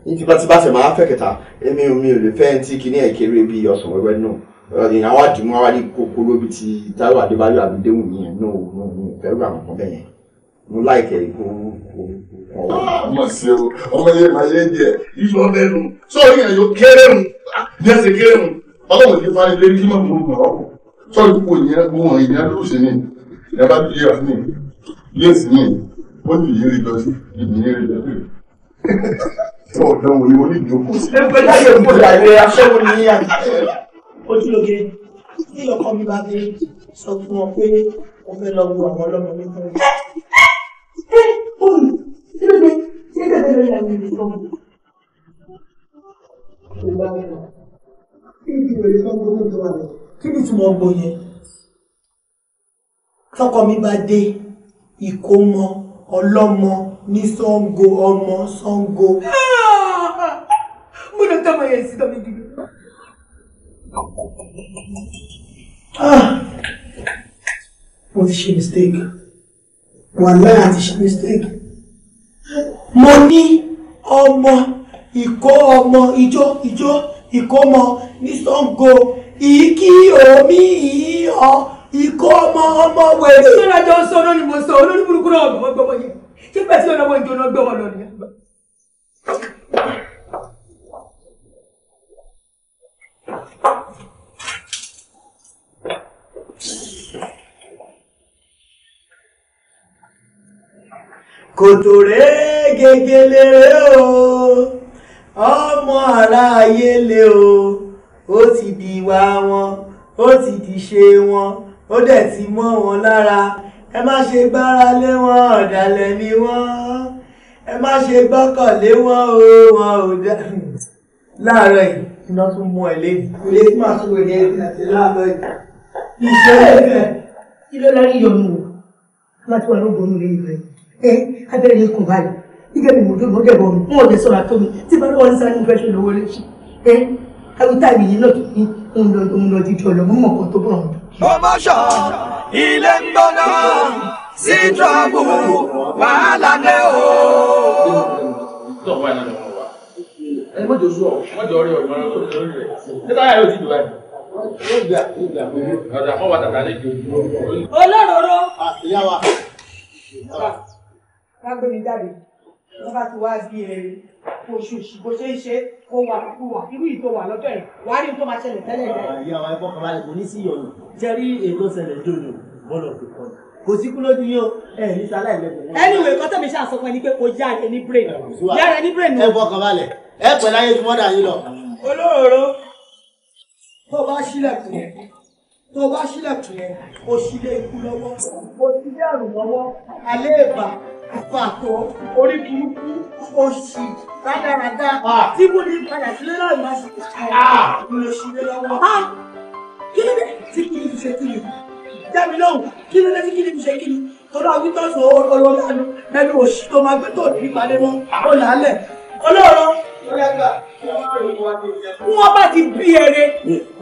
ní tipa tí bá ṣe máa fẹ́ kẹta èmi ò mi ò lè fẹ́ tí kinní ẹ̀ kéré bíi ọ̀sán wẹ́wẹ́ náà ìyẹn àwọn àdìmú àwọn àdìmú kókó lóbi ti Táíwò Adébáyọ̀ àbídéwù yẹn náà òun òun ìfẹ́rù àwọn kan bẹ́yẹn mo láìkẹ́ ìkó ọmọ sí o ọmọ yẹn máa yé díẹ̀ ìṣọ lẹ́nu sọ yẹn yóò kéré mu ah, ní ẹsẹ̀ kéré mu ọlọ́run ti fa ilé kí mọ̀ mọ̀ ọ́ sọ ìkó ìyẹn gbóhùn ìyẹn ìyẹn bá yé ọtí nìyí yéèsì nìyí ó ní ìyí rí dọtí ìyí rí dọtí tó ọdọ wo ni mo ní ìjókòó. ẹgbẹ́ láyé òkú làlẹ́ aṣẹ́wó ní àgbẹ̀ ojúlóge tí ọkọ mi bá dé sọ fún ọ pé mo fẹ́ lọ wo àwọn ọlọ́mọ mi fún mi. ẹ bọ́ọ̀lù kí ló dé ṣé kẹ̀kẹ́ lórí àwọn ènìyàn kí ni ìtumọ̀ gbọ́ yẹn? tọkọ mi bá dé ìkómọ ọlọ́mọ ní Ṣàngó ọmọ Ṣàngó. mo lọ tọmọ yẹn sí tọmọ ìdìbò. Ah! mo ti ṣe mistake wàláhì àti ṣe mistake mo ní ọmọ ìkó ọmọ ijó ijó ìkómọ ní Ṣàngó ìkí omi ìyí ọ ikọ́ ọmọ ọmọ wèrè. sọ́dọ̀ jọ sọ lórí mo sọ olórí náà ọ̀gbọ̀n gbọ́mọ yẹn ṣé pẹ̀ sí ọlọ́wọ́ ìjọ gbọ́mọ lọ nìyẹn. kòtò rẹ̀ gegele o ọmọ aráyé lé o ó ti di ìwà wọn ó ti di ṣe wọn ó dẹ̀ ti mọ́ wọn lára ẹ má ṣe gbára lé wọn ọ̀dàlẹ̀ ni wọ́n ẹ má ṣe gbọ́kànlé wọn o wọn ò dá láàárọ̀ yìí iná tún mú ẹ lé kò lè má tún wèé ní àti láàárọ̀ yìí kí ṣe é kí ló lárí yọnu o má tún wà lóògùn òun lè yìí rẹ ẹ abẹ́rẹ́ yìí kò báyìí gẹ́gẹ́ bí mo dé mo dẹ̀bọ̀ mi wọn ò lè sọ̀rọ̀ àtọ́ tí bá lọ́wọ́ sáré nípa ẹ̀ṣẹ̀ lọ́wọ́ lẹ́sìn ẹ àwọn yìí náà tún ní òun lọ jíjọ lọ promotion ilé ń gbóná sí trọ́bù wàhálà dé o. ẹ mọ̀jọ sùn ọ̀ mọ̀jọ rí ọ̀ mọ̀jọ rí rẹ̀ ṣé táyà yóò ti dùn báyìí. Ọ̀dà fún wa tàtà lẹ́jọ́. Olóróró. Ìyá wa. Ká gbé mi jáde, wọ́n bá ti wá sí eré oṣooṣù bó ṣe ń ṣe kó wà kó wà irú ìtò wà lọ́jọ́ yìí wà á rí tó máa ṣẹlẹ̀ tẹ́lẹ̀ yẹn. ìyá wa ẹ̀fọ́ kan balẹ̀ kò ní sí ìyọnu jẹ́ rí ètò ṣẹlẹ̀ dòdò bọ́ọ̀lù ọ̀gbìn kan kò sí kú lójú yín o ẹ ní sálẹ̀ ìlẹ́gbẹ̀ẹ́. anyway nǹkan tẹ̀mí ṣáà sọ fún ẹ ni pé kò yá ẹ ní brain yá ẹ ní brain. ẹ fọkàn balẹ̀ ẹ pẹ̀ láyé ju mọ́dà yín lọ. olóòró tó bá ṣílẹ̀kùn yẹn tó bá ṣílẹ̀kùn yẹn o ṣílẹ̀ ikú lọ́wọ́ o ṣílẹ̀ àrùn lọ́wọ́ alẹ́ ìbà àpapọ̀ orí burúkú oṣù rádaràda tí mo ní padà sílé náà máa ṣe mo lè ṣílé lọ́wọ́. kí ló tí kí ni ṣe kí ni jẹ́mi lóhùn kí ló tí kí ni ṣe kí ni tọ́lá wítọ́sùn olóòlù ẹnu òṣì tó máa gbé tó ní ìpalẹ́ mọ́ ó là á lẹ̀ ọlọ́run wọ́n bá ti bí ẹrẹ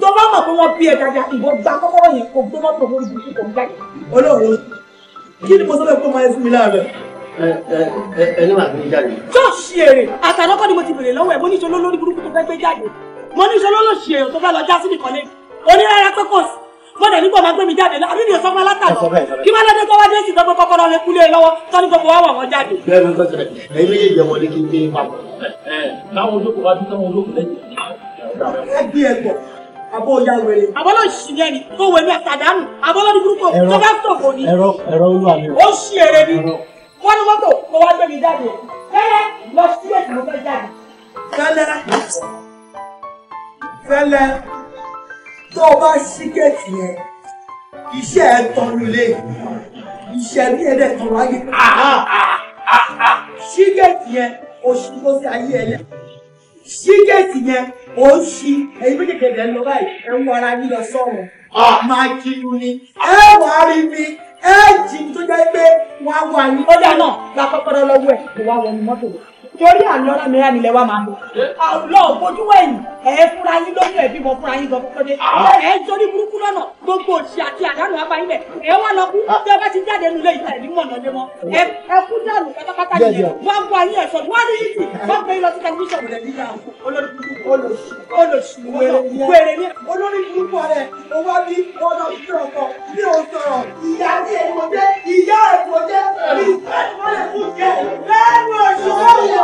tó bá mọ̀ pé wọ́n bí ẹ dáadáa ìbọn gba kọ́kọ́rọ́ yẹn kò gbé mọ́tò lórí ibi kò ń jáde ọlọ́run kí ni mo sọ fẹ́ kó máa ẹ fún láàárọ̀ ẹni máa gbé jáde. ṣọ́ọ̀ṣì èrè àtàlọ́kọ́ ni mo ti bèrè lọ́wọ́ ẹ̀ mo ní ìṣòro lórí burúkú tó fẹ́ gbé jáde mo ní ìṣòro lòṣì èrè tó fẹ́ lọ já sí nìkan lé onírárá pé sí mo dẹ̀ nígbà máa gbé mi jáde àbí mi ò sọ fún alátàlọ́ kí má lọ́dẹ tó wá dé sí tó kọ́kọ́rọ́ rẹ kúlé lọ́wọ́ tó ní gbogbo wa wà wọ́n jáde. bẹ́ẹ̀ ló ń tọ́jú rẹ̀ ẹ̀yin ní kí tó wẹ̀ mí àtàdánù àbọ̀lọ̀ ní burúkú ẹ̀rọ ẹ̀rọ olúwa mi. ó ṣì èrè ni wọ́n ní mọ́tò kó wá gbé mi jáde fẹ́lẹ́ lọ sí èsì mo fẹ́ jáde. fẹ́lẹ́ fẹ́lẹ́ tó o bá ṣí géètì yẹn iṣẹ́ ẹ tọrọ lé iṣẹ́ bí ẹ̀dẹ̀ tọrọ ayé ṣí géètì yẹn oṣù tó sí ayé ẹ lẹ ṣí géètì yẹn ó ṣí ẹyin méjèèjì ẹ lọ báyìí ẹ ń wọ ara yín lọ sọ̀rọ̀ ah! máa kí yún ni ẹ wàá rí mi ẹ jì tó jẹ́ pé wọ́n á wọ àyín. ó dáa lápapọ̀ lọ́wọ́ ẹ̀ kò wá wọnú mọ́tò wọn torí àlọ́ lámìíràn nílẹ̀ wa máa ń bọ̀ lọ fojú wẹ̀yìn ẹ̀ fúnra yín lóyún ẹ̀ bímọ fúnra yín gbọ́dọ̀ pé ẹ̀ ń sórí burúkú lọ́nà gbogbo òṣì àti àdánù abáyé bẹ̀ ẹ̀ wá lọ kú tí ẹ bá ti jáde nílé yìí ẹ̀ ní mọ̀nà lé mọ́ ẹ kú dànù pátápátá yìí wọ́n gbọ́ ayé ẹ̀sọ́ wọ́n ní yìí wọ́n gbé lọ sí tẹlifíṣọ̀n rẹ̀ nígbà olórí olóṣù wèrè ní olórí burúkú rẹ̀ ó wá bí ọ̀nà sí ọkọ̀ bí o sọ̀rọ̀ ìyá tí èkó jẹ́ ìyá èkó jẹ́ ìfẹ́ ìfọ́lẹ̀ fún jẹ́ lẹ́nu ọ̀ṣọ́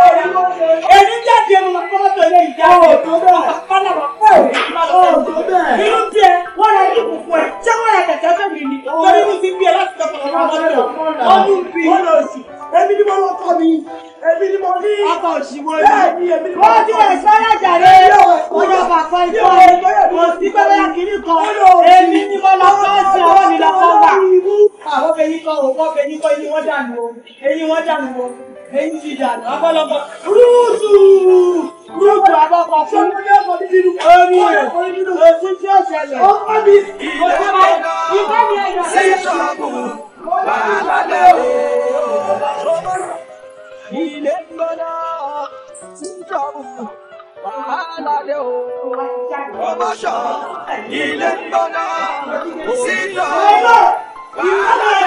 èmi jáde mo máa fọwọ́ tó lé ìjà rẹ̀ àpapàlà wà pọ̀ rẹ̀ inú bí ẹ wọ́n ra ìlú fún ẹ ṣé wọ́n ra kẹ̀kẹ́ fẹ́ mi ni torí mo ti bí ẹ láti tọkọ ọmọ ọmọ tó ọdún bí èmi ni mo lọ tọ́ mi èmi ni mo ní ọkọ òṣìwọ́ ni bẹ́ẹ̀ni ni mo lọ tọ́ mi. wọ́n ti rẹ̀ sọ́yà jàre wọ́n yọ bàbá ìfọ́ mo ti gbẹ́rẹ́ kiri kan èmi ni mo lọ tọ́ sí ọwọ́ mi lọ́kọ́ àwọn fẹ̀yìn kan òun kọ́ fẹ̀yìn kan eyín wọ́n dànù o eyín wọ́n dànù o èyí ìyànà abọ́lọ́kọ rúùtù ìjọba ìbá lé o ilé gbọ́dá síjọ́kù bàbá lé o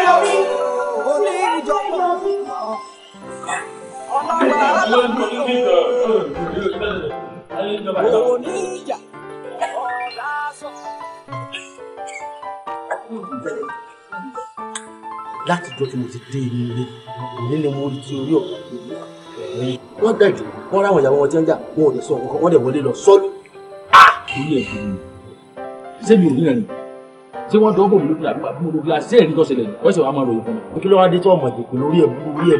lé o. òwò láti jọ tí mo ti dé inú ilé ni mo rí ti orí ọ̀gá wọ́n gbẹ̀jù wọ́n ráwọn ìyàwó wọn tí ń jà wọn ò lè sọ nǹkan wọ́n lè wọlé lọ sọ́lú. orí ẹ̀ dùn ṣé mi ò rí ẹ̀rìn ṣé wọ́n dọ́gbọ̀n mi lókè àbí mo lókè àṣẹ ẹ̀rí tó ṣẹlẹ̀ ọ̀ṣẹ̀ wa máa ròyìn fún mi. kí ló wá dé tó ọmọ ìdìpín lórí ẹ̀ lórí ẹ̀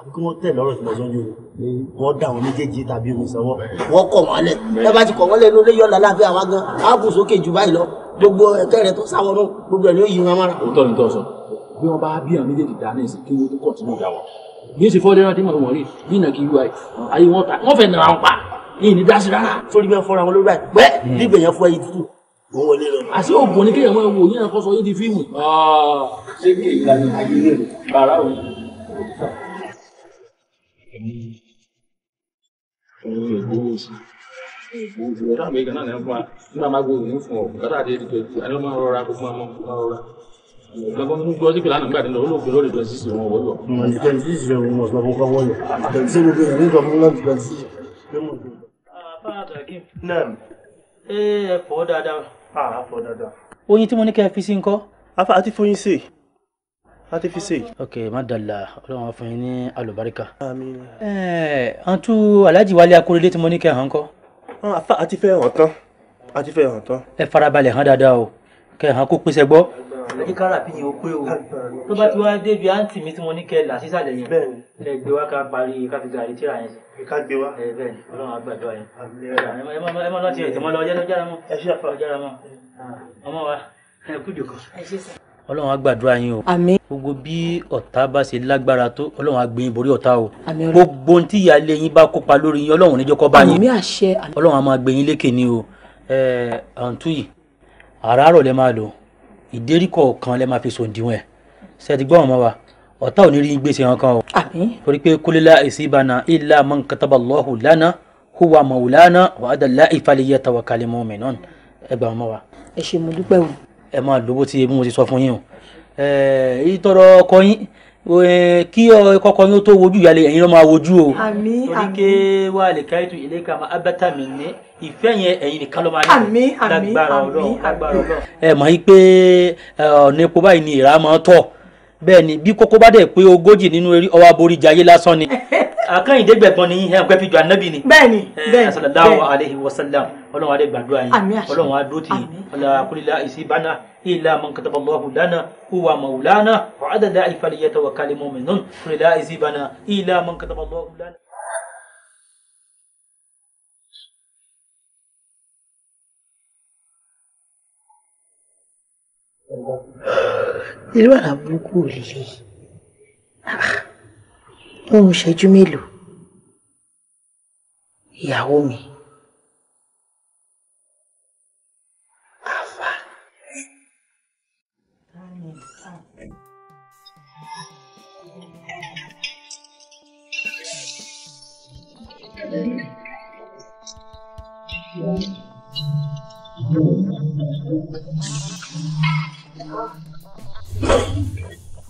àbí tẹ̀ lọ́rọ̀ tí mo sọ yóò wọ́n dà wọn méjèèjì tàbí omi sọ́wọ́ wọ́n kọ̀ wọ́n lẹ̀ ẹ bá ti kọ̀ wọ́n lẹ̀ lórí yọ̀ọ̀lá láàfin àwa gan áàbù sókè jù báyìí lọ gbogbo ẹ̀kẹ́ rẹ̀ tó sáwọ́ náà gbogbo ẹ̀ ni ó yí wọn mára. òótọ́ ni tó sọ bí wọ́n bá bí àwọn méjèèjì dá ní kí wọ́n tó kọ̀tínú ìyá wọn bí ó hmm. fọ́ dẹ́rẹ́ tí àti oògùn ni kéèyàn máa wo yín àkọsọ yín di fíìmù. Ah. ṣé kí èyí la ní ayé rẹ̀ bàrà ìgbòho àmì ìgbà náà ẹ fọ́ dáadáa. oyin tí mo ní kẹ́ fi sí ń kọ́. afa àti sí láti fi ṣe. ok madala ọlọ́run fún yín ní alùbáríkà. àmín. ẹ ẹ àǹtú alhaji wálé akóredé tí mo ní kẹ́ hàn kọ́. àfa àti fẹ́ hàn tán àti fẹ́ hàn tán. ẹ farabalẹ̀ hàn dáadáa o kẹ́ hàn kó pèsè gbọ́. àjẹ́ kára fi yìí ó pé o tó bá ti wá débi àǹtí mi tí mo ní kẹ́ là sísàlẹ̀ yẹn ẹ gbé wá ká parí ká fi gàrí tíra yẹn sí. ká gbé wá. ẹ bẹ́ẹ̀ ni ọlọ́run àgbàdo yẹn. ẹ má lọ tiẹ̀ tẹ̀mọ́ lọ ọjọ́ lọ jára mọ́. ẹ ṣe àfa ọjọ́ lọ mọ́ ọmọ wa ẹ kú jòkó. ẹ ṣe sàn ọlọ́run á gbàdúrà yín o. àmín. gbogbo bí ọ̀tá bá ṣe lágbára tó ọlọ́run á gbé yín borí ọ̀tá o. àmín ọlọ́run. gbogbo ohun tí ìyáálé yín bá kópa lórí yín ọlọ́run níjọ́ kọ́ bá yín. àmín àṣẹ. ọlọ́run á máa gbé yín lékè ni o. ẹ̀ẹ́ àǹtú yìí àràárọ̀ lẹ máa lò ìdérí kọ̀ọ̀kan lẹ máa fi sòǹdìwọ̀n ẹ̀ ṣẹ́ẹ̀tì gbọ́ wọn wa ọ̀tá ò ní rí gbèsè hàn o. àmín. torí pé kúlélá lana huwa maulana wàhádà láì falẹ̀ yẹ tàwákàlẹ̀ mọ́mìnà ẹgbàá wọn wa. ẹ ṣé ẹ máa lówó tí mo ti sọ fún yín o ìtọrọ ọkọ yín kí ọkọ yín ó tó wojú ìyáálé ẹ̀yin ló máa wojú o. àmín àmín torí ké wà lè ká ètò ilé ká máa bẹ́tà mi ní ìfẹ́ yẹn ẹ̀yin nìkan ló máa ní. àmín àmín àmín àmín. ẹ mọ̀ yín pé ọ̀nà epo báyìí ni ìrà máa tọ̀ bẹ́ẹ̀ ni bí kókó bá dẹ̀ pé ogójì nínú eré ọwọ́ aborí jayé lásán ni. akẹ́yìndé gbẹ̀gbọ́n ni yín hẹ́n pẹ́ fi jọ anábì ni. Eh, bẹ́ẹ̀ni bẹ́ẹ̀ni sallallahu alaihi wasallam ọlọ́run adé gbàdúrà yín ọlọ́run adótì yín ọlọ́run akúlélá ìsìbánà ilà mọ̀nkàtàbọ̀ lọ́hùn lánà kúwà mọ̀wùlánà ọ̀ádàdà ìfàlìyẹtọ̀ wà kálí mọ̀mìnún kúlélá ìsìbánà ilà mọ̀nkàtàbọ̀ lọ́hùn lánà. irú àlá burúkú ò lè lè lóhun ìṣẹ́jú mélòó ìyàwó mi. àfà.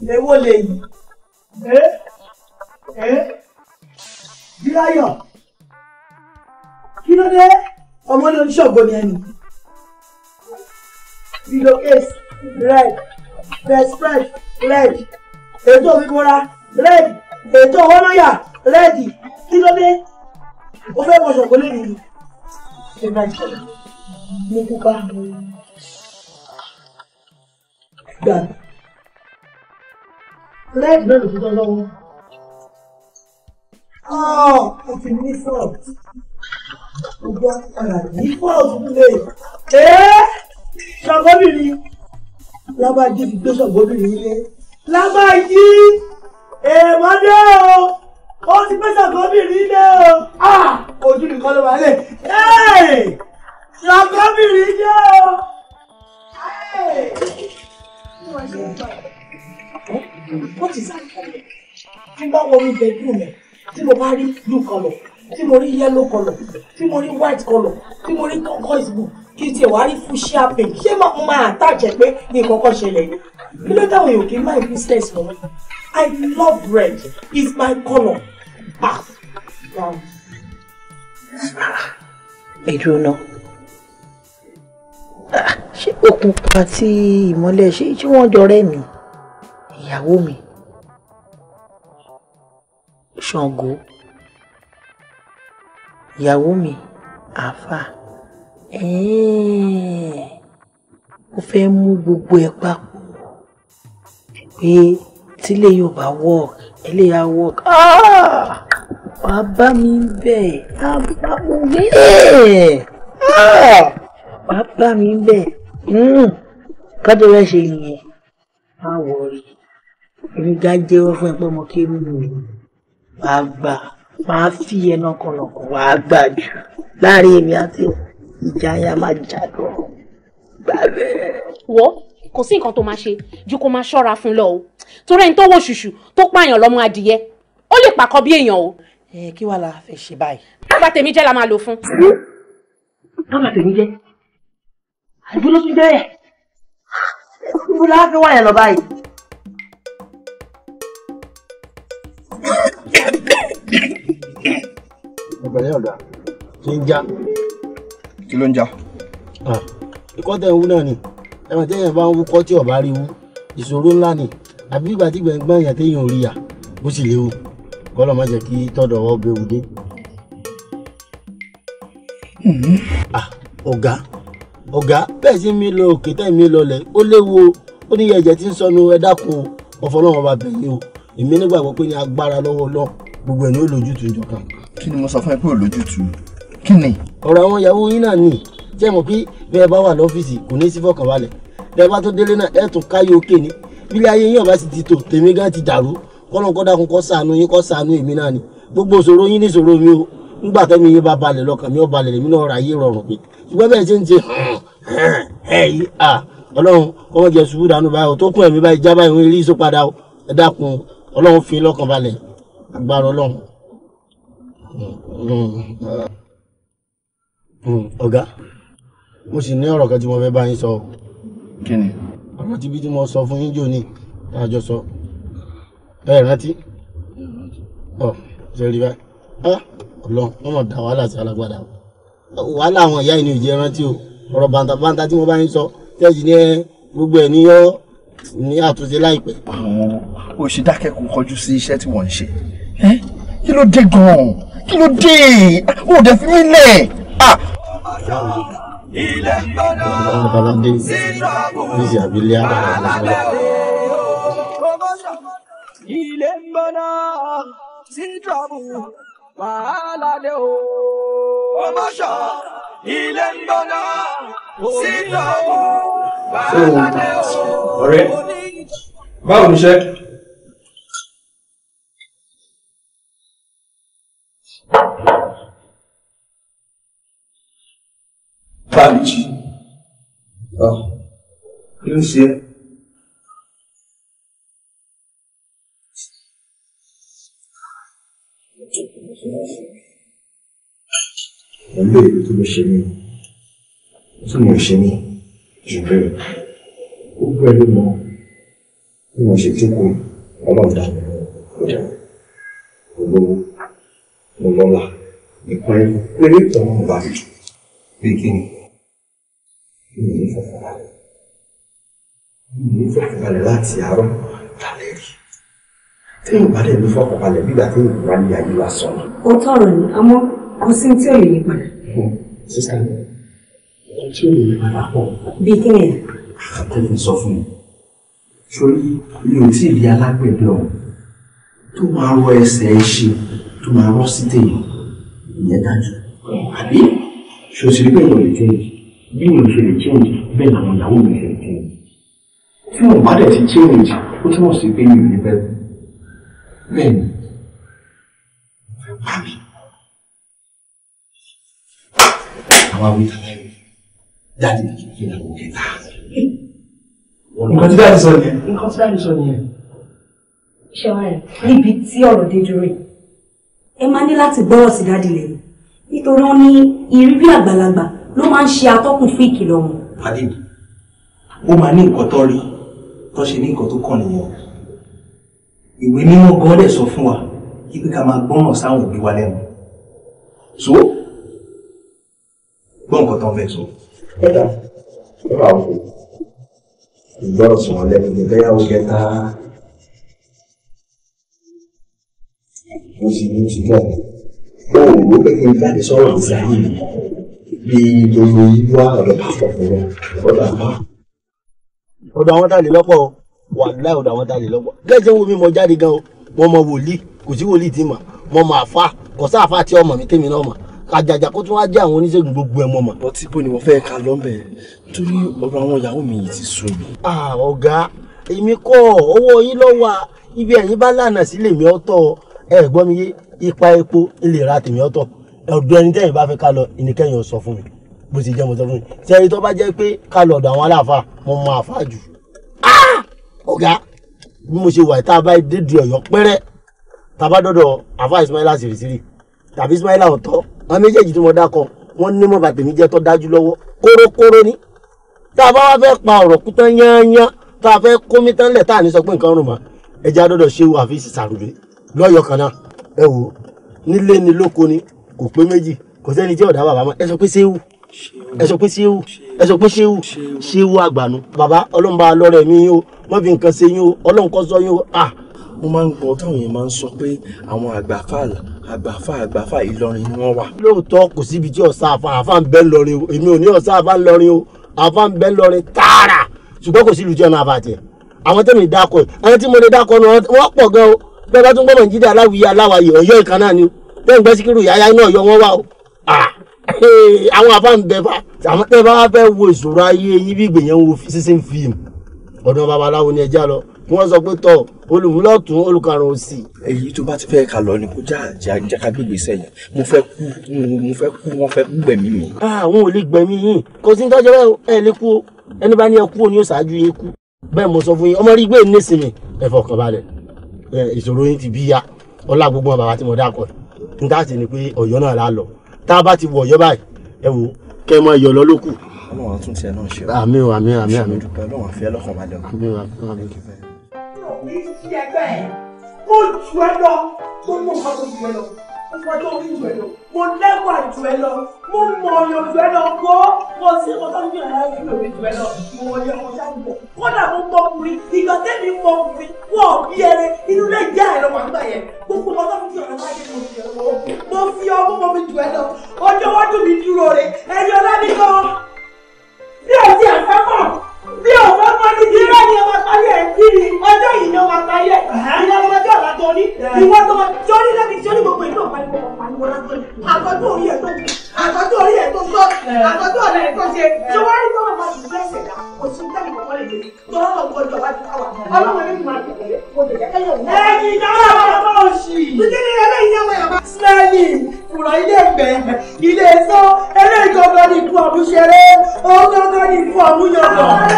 Lẹ́wọ́ lẹ́yìn ẹ bíláyọ̀ kí ló dé ọmọ ní oníṣògo ni ẹni pillowcase red best friend red ètò òfikúnra red ètò ọwọ́lọ́yà red kí ló dé ó fẹ́ wọ ṣògo lẹ́nu ni mo kúpa gbà red náà ló fi tán lọ́wọ́. Oh, ó ti ní fault ó gbọ́ ọ̀rà ní fault lè ẹ́ ṣàgọ́bìnrin lábàájí fi oh, ṣàgọ́bìnrin ilé lábàájí èèmọ́dé o ó ti gbé ṣàgọ́bìnrin you o ah, ojú nìkan ló wà lẹ̀ ṣàgọ́bìnrin ilé Hey, What is that? Tí wọ́n wọnú bedroom ẹ̀ tí mo bá rí blue colour tí mo rí yellow colour tí mo rí white colour tí mo rí turquoise blue kí n tiẹ̀ wá rí fuchsia pink ṣé mo máa àtàjẹ́ pé ní ìkọ̀kọ̀ ṣẹlẹ̀ ni kí ló dáhùn èèyàn kì business mọ́ I love red it's my colour ah wow. èdè ọ̀nà ah! ṣé òkùnkùn àti ìmọ́lẹ̀ ṣé wọ́n jọ rẹ́ mi ìyàwó mi ṣàngó ìyàwó mi àáfà mo fẹ́ mú gbogbo ẹ̀ papọ̀ pé tílé yóò bá work ẹlẹ́yà work ah! wà á bá mi bẹ̀ á bá mi bẹ̀ wà á bá mi bẹ̀ kọ́dọ̀ ah! rẹ̀ hmm. ṣe nìyẹn má wọrí èmi gá jẹ́wọ́ fún ẹ pé ọmọ kí n mú mi wà á gbà máa fi ẹnà kànàkàn wà á gbà jù láàrin èmi àti ìjà yẹn a máa jà lọ gbà bẹ́ẹ̀. wọ́ kò sí nǹkan tó máa ṣe ju kó máa ṣọ́ra fún lọ o torí ẹni tó wò ṣùṣù tó pààyàn lọ́mọ adìyẹ ó lè pàkọ́ bí èèyàn o. ẹ kí wàá la fẹ́ ṣe báyìí. bàbá tèmi jẹ́ la máa lò fún. bàbá tèmi jẹ́ àdúgbò tún jẹ́ ẹ̀ ìbúra fi wáyà lọ báyìí. lẹ́yìn ṣe ń já. kí ló ń já. ìkọ́ tẹ̀ ń wú náà ni ẹ̀rọ téèyàn bá ń wú kọ́ tí ọ̀bá rí wú ìṣòro ńlá ni àbí ìgbà tí gbẹ̀ngbẹ̀n èèyàn téèyàn ò rí yà bó sì léwu kọ́lọ̀ má jẹ́ kí tọ́dọ̀ ọ bẹ́ẹ̀ wúdé. ọ̀gá ọ̀gá bẹ́ẹ̀ sì mi lọ òkè tẹ́ mi lọlẹ̀ ó léwu o ó ní ẹ̀jẹ̀ tí ń sọnù ẹ dákun ọ̀fọ̀ ọlọ́run ọba bẹ̀yìn o èmi nígbàgbọ́ pé ní agbára lọ́wọ́ ọlọ́run gbogbo ẹ̀ ní ó lójú tó ń jọ kàn kí ni mo sọ fún ẹ pé olójútu kí ni. ọ̀rọ̀ àwọn ìyàwó yín náà nì jẹ́ mọ̀ pé bẹ́ẹ̀ bá wà lọ́fíìsì kò ní sí fọkànbalẹ̀ bẹ́ẹ̀ bá tó délé náà ẹ̀ tún káyọ̀ òkè ni bílẹ̀ ayé yín ọ̀bá sì ti tò tèmi gan ti dàrú kọ́nà kọ́ dákun kó ṣàánú yín kó ṣàánú èmi náà ni gbogbo ìṣòro yín ní ìṣòro mi o nígbà tẹ́mi yín bá balẹ̀ lọ́kàn mi ó balẹ̀ lèmi náà ra ayé rọrùn pé ṣùgbọ́n bẹ́ẹ̀ ṣe ń ṣe ẹ̀yí à ọlọ́run kọ́mọ jẹ ṣubú dànù báyìí tó kún ẹ̀mí báyìí já báyìí ń rí ìṣó padà ẹ dákun ọlọ́run fi lọ́kàn balẹ̀ agbára ọlọ́run. Mm. Mm. ọ̀gá mo sì ní ọ̀rọ̀ kan tí mo fẹ́ bá yín sọ o. kí ni. ọ̀rọ̀ tí bí tí mo sọ fún yín jò ní tá a jọ sọ ẹ rántí ọ ṣe rí bá ọ Ọlọ́run wọn mọ da wàhálà sí alágbádá o wàhálà àwọn ìyá ìní òjì rántí o ọ̀rọ̀ bàǹtàbàǹtà tí mo bá yín sọ tẹ́jì ní gbogbo ẹ̀ ní yọ ní àtúnṣe láìpẹ́. àwọn òṣìdákẹ́kọ̀ọ́ kọjú sí iṣẹ́ tí wọ́n ń ṣe kí ló dé gan-an kí ló dé o ò dẹ̀ fi mí lẹ̀. ilẹ̀ ah! gbọ́dọ̀ babalade bísí abilé alábẹ́ ilẹ̀ gbọ́dọ̀ sí trouble wàhálà dé o. ọmọ ṣọ ilé ń gbọ́dọ̀ sí trouble wàhálà dé o. ọ̀rẹ́ báwo ni iṣẹ́. bá mi jì ọ kí ló ṣe é. pẹ̀lú èrò tó ló ṣe mí o tí mo ṣe mí jù bẹ́ẹ̀ ó pẹ̀lú mọ bí mo ṣe jókòó ọlọ́run dá mi lọ́wọ́ mo lówó mo lọ́lá ìparí péré tọ́lọ́run bá mi bí kíni ìyí fọkànbalẹ̀ ìyí fọkànbalẹ̀ láti àárọ̀ dalẹ́ rí téèyàn bá dẹ̀ ní fọkànbalẹ̀ bí ìgbà téèyàn wà ní ayé wa sọ̀rọ̀. ó tọrọ ni àmọ́ kò sí tí ò lè yí padà. sísá mi ohun tí ò lè yí padà pọ̀. a kí ni. àkàtẹ́fẹ́ sọ fún mi sórí mi ò tí ì di alágbẹ̀dẹ ọ̀hún tó máa rọ ẹsẹ̀ ẹṣin tó máa rọ sí ìyẹn dájú àbí ṣòṣèlú pẹ̀lú ìkẹyìn bí mo ṣe lè change bẹ́ẹ̀ làwọn ìyàwó mi ṣe lè change tí mo bá dẹ̀ ti change ó túmọ̀ sí pé mi ò ní bẹ́ẹ̀ bẹ́ẹ̀ ni báyìí àwa wí tàbí jáde ìyàwó kẹta. nǹkan tí dáàdì sọ nìyẹn. nǹkan tí dáàdì sọ nìyẹn. iṣẹ́ wa rẹ̀ níbi tí ọ̀rọ̀ dé dúró yìí ẹ máa ní láti gbọ́rọ̀ sí dáàdì lẹ́nu nítorí wọ́n ní ìrírí àgbàlagbà ló máa ń ṣe atọ́kùn fún ìkìlọ̀ wọn. pàdé mi ó máa ní nǹkan tó rí tó ṣe ní nǹkan tó kàn nìyẹn ìwé mímọ́ gan dẹ̀ sọ fún wa ibi ká máa gbọ́ràn sáwọn òbí wa lẹ́nu so gbọ́ nǹkan tó ń fẹ́ sọ. ẹ̀dá ló máa wò ìgbọ́ràn sọ̀rọ̀ lẹ́nu ní bẹ́yà ó gẹ́ta mo sì ní ti dẹ́rẹ̀ ó rò ó kí n jáde sọ̀rọ̀ ìgbà yìí bí gbogbo yìí wá ọ̀dọ̀ pàpọ̀ fọ̀rọ̀ ọ̀dọ̀ àpá. ọ̀dọ̀ àwọn tá a lè lọ́pọ̀ wà láì ọ̀dọ̀ àwọn tá a lè lọ́pọ̀ lẹ́sẹ̀ wo mi mọ jáde gan o mo mọ wòlíì kò sí wòlíì tí mà mo mọ àfa kò sá àfa tí ọmọ mi tèmi náà mọ̀ àjàjà kó tún wá jẹ́ àwọn oníṣègùn gbogbo ẹ̀ mọ̀ mọ̀. bọ́tí bò ni mo fẹ́ ka lọ́bẹ̀ torí ọ̀rọ̀ àwọn ìyàwó mi yìí ti sú mi. ọ̀gá èmi kọ́ owó yín lọ́wọ́ ibi ẹ̀yin bá lànà sílé mi ọ̀tọ̀ ẹ̀ gbọ́ mi yé ipa epo ilé ra tèmi ọ̀tọ̀ ọ̀dọ̀ ẹni tẹ́yìn bá fẹ́ ká lọ ìníkẹ́yìn sọ fún mi bó ti jẹ́ mo sọ fún mi sẹ́yìn tó bá jẹ́ pé ká lọ ọ̀dọ̀ àwọn aláàfáà mo mọ àfáà jù ah! ọ̀gá bí mo ṣe wà tá a bá dédú ọ̀yọ́ pẹ́rẹ́ tá a bá dọ́dọ̀ àfáà Ismaila Sìrìsìrì tàbí Ismaila ọ̀tọ́ wọn méjèèjì tí mo dákọ wọn ní mọ̀ bàtẹ̀mí jẹ́ tó dájú lọ́wọ́ kórókóró ni tá a bá wá fẹ́ pa ọ̀rọ̀ kú tán yányán tá a fẹ́ kó mi tán lẹ̀ tá a ní sọ pé nǹkan rùn mọ́ ẹja dọ́dọ̀ ṣéwù àfi sísàrùdé lọ́yọ̀ kan náà ẹ wò nílé ni lóko ni kò pé méjì kò sẹ́ni tí ọ̀dà bàbá mọ́ ẹ sọ pé séwù ẹ sọ pé séwù ẹ sọ pé séwù séwù àgbànú. bàbá ọlọ́mọba lọ́rọ̀ ẹ̀mí yín o wọ́n fi nǹkan ṣe yín o ọlọ́run kọ́ sọ yín o. Ah! mo máa ń gbọ́ táwọn èèyàn máa ń sọ pé àwọn àgbàfà àgbàfà àgbàfà Ìlọrin ni wọ́n wà. lóòótọ́ kò síbi tí ọ̀sá àfa àfa ń bẹ lọrin o èmi ò ní ọ̀sá àfa ń lọrin o àfa ń bẹ lọrin tààrà ṣùgbọ́n kò sí ìlú jẹ́ ọ̀nà àbàtẹ̀ àwọn tẹ̀mí dákọ̀ àwọn tí mo lè dákọ̀ wọ́n pọ̀ gan o bẹ́ẹ̀ bá tún gbọ́ Nàìjíríà aláwìyí aláwàyè Ọ̀yọ́ ìkan ni o tẹ́ ń gbẹ́ síkírù yáyá iná yọ wọ́n wá o ah. Ah. àwọn afáǹbẹ̀fà àwọn tẹ́ bá fẹ́ wo ìṣòro ayé yín bí gbèyàn wo sísìn fíìmù ọ̀dọ̀ babaláwo ni ẹja lọ kí wọ́n sọ pé tọ̀ olùmúlọ̀tún olùkarùn òsì. èyí tó bá ti fẹ́ ká lọ ni kó jáka gbègbè sẹ́yìn mo fẹ́ kú mo fẹ́ kú wọ́n fẹ́ gbẹ̀mí mi. àwọn ah, ò lè gbẹ̀mí yín kò sí tọ́jú ẹ lè kú o ẹni bá ní ẹ kú o ní yóò ṣáájú yín kú bẹ́ẹ̀ mo sọ fún yín ọmọ rí gbé nísìnyí ẹ fọkàn balẹ̀ ìṣòro yín ti bí ya ọlá gbogbo bàbá tí mo dá n ta sì ni pé Ọ̀yọ́ náà la lọ tá a bá ti wọ Ọ̀yọ́ báyìí ẹ wò kẹ mọ Ọ̀yọ́ lọ lókù. Ọlọ́run àtúntì ẹ náà ṣe o àmín o àmín àmín àmín Ọlọ́run àfi ẹlọkàn balẹ̀ o. àmín o àmín àmín. kí ṣe ẹgbẹ́ ẹ̀ ó ẹ lọ gbogbo nǹkan tó ju lọ ọmọ tó rí jù ẹ lọ mo lẹ́wà jù ẹ lọ mo mọ ọyàn jù ẹ lọ gbọ́ mo sí ọmọ tó ní ìrìn àjò mi jù ẹ lọ mo wọ ọyàn ọjà gbọ́ kódà mo mọ ọkùnrin ìjọ tẹ́mi mọ ọkùnrin wọ́n bí ẹrẹ inú lè jẹ́ ẹ̀rọ wà nígbà yẹn gbogbo ọmọ tó ní ìrìn àjò mi jù ẹ lọ mo fi ọmọ mọ mi jù ẹ lọ ọjọ́ wájú mi dúró re ẹni ọlá mi gan-an bí ọtí àtàkọ́ bí o fẹ́ mọ ní bí rẹ́ni ọmọ parí ẹ̀ kiri ọjọ́ yìí ni ọmọ parí ẹ̀ ìyá ọmọdé ọ̀la tó ní ìwọ tó tí ó ní lẹ́bi tí ó ní gbogbo ìlú ọ̀pániwọ̀ ọ̀pániwọ̀ lásán àtọ́jú orí ẹ̀ tó àtọ́jú orí ẹ̀ tó sọ àtọ́jú ọ̀la ẹ̀ tó ṣe tí wọ́n rí lọ́wọ́ máa dùn lẹ́sẹ̀ dá kò sí tẹ́lẹ̀ kọ́kọ́ lè dé tọ́lọ́ lọ gbọ́dọ̀ wá ti káwà ọlọ́wọ́ ní ìmọ̀ àtẹ̀lẹ́ mo lè jẹ́ kẹ́yọ̀ wọ́n. ẹyin náà wọ́n bá òṣì. títí ní eléyìí náà wọ́n yà bá. sinẹ́ẹ̀lì ilé ẹ̀gbẹ́ ilé ẹ̀sọ́ eléyìí gangan ni ikú ọ̀múṣeré ó gangan ni ikú ọ̀múyọ̀gàn.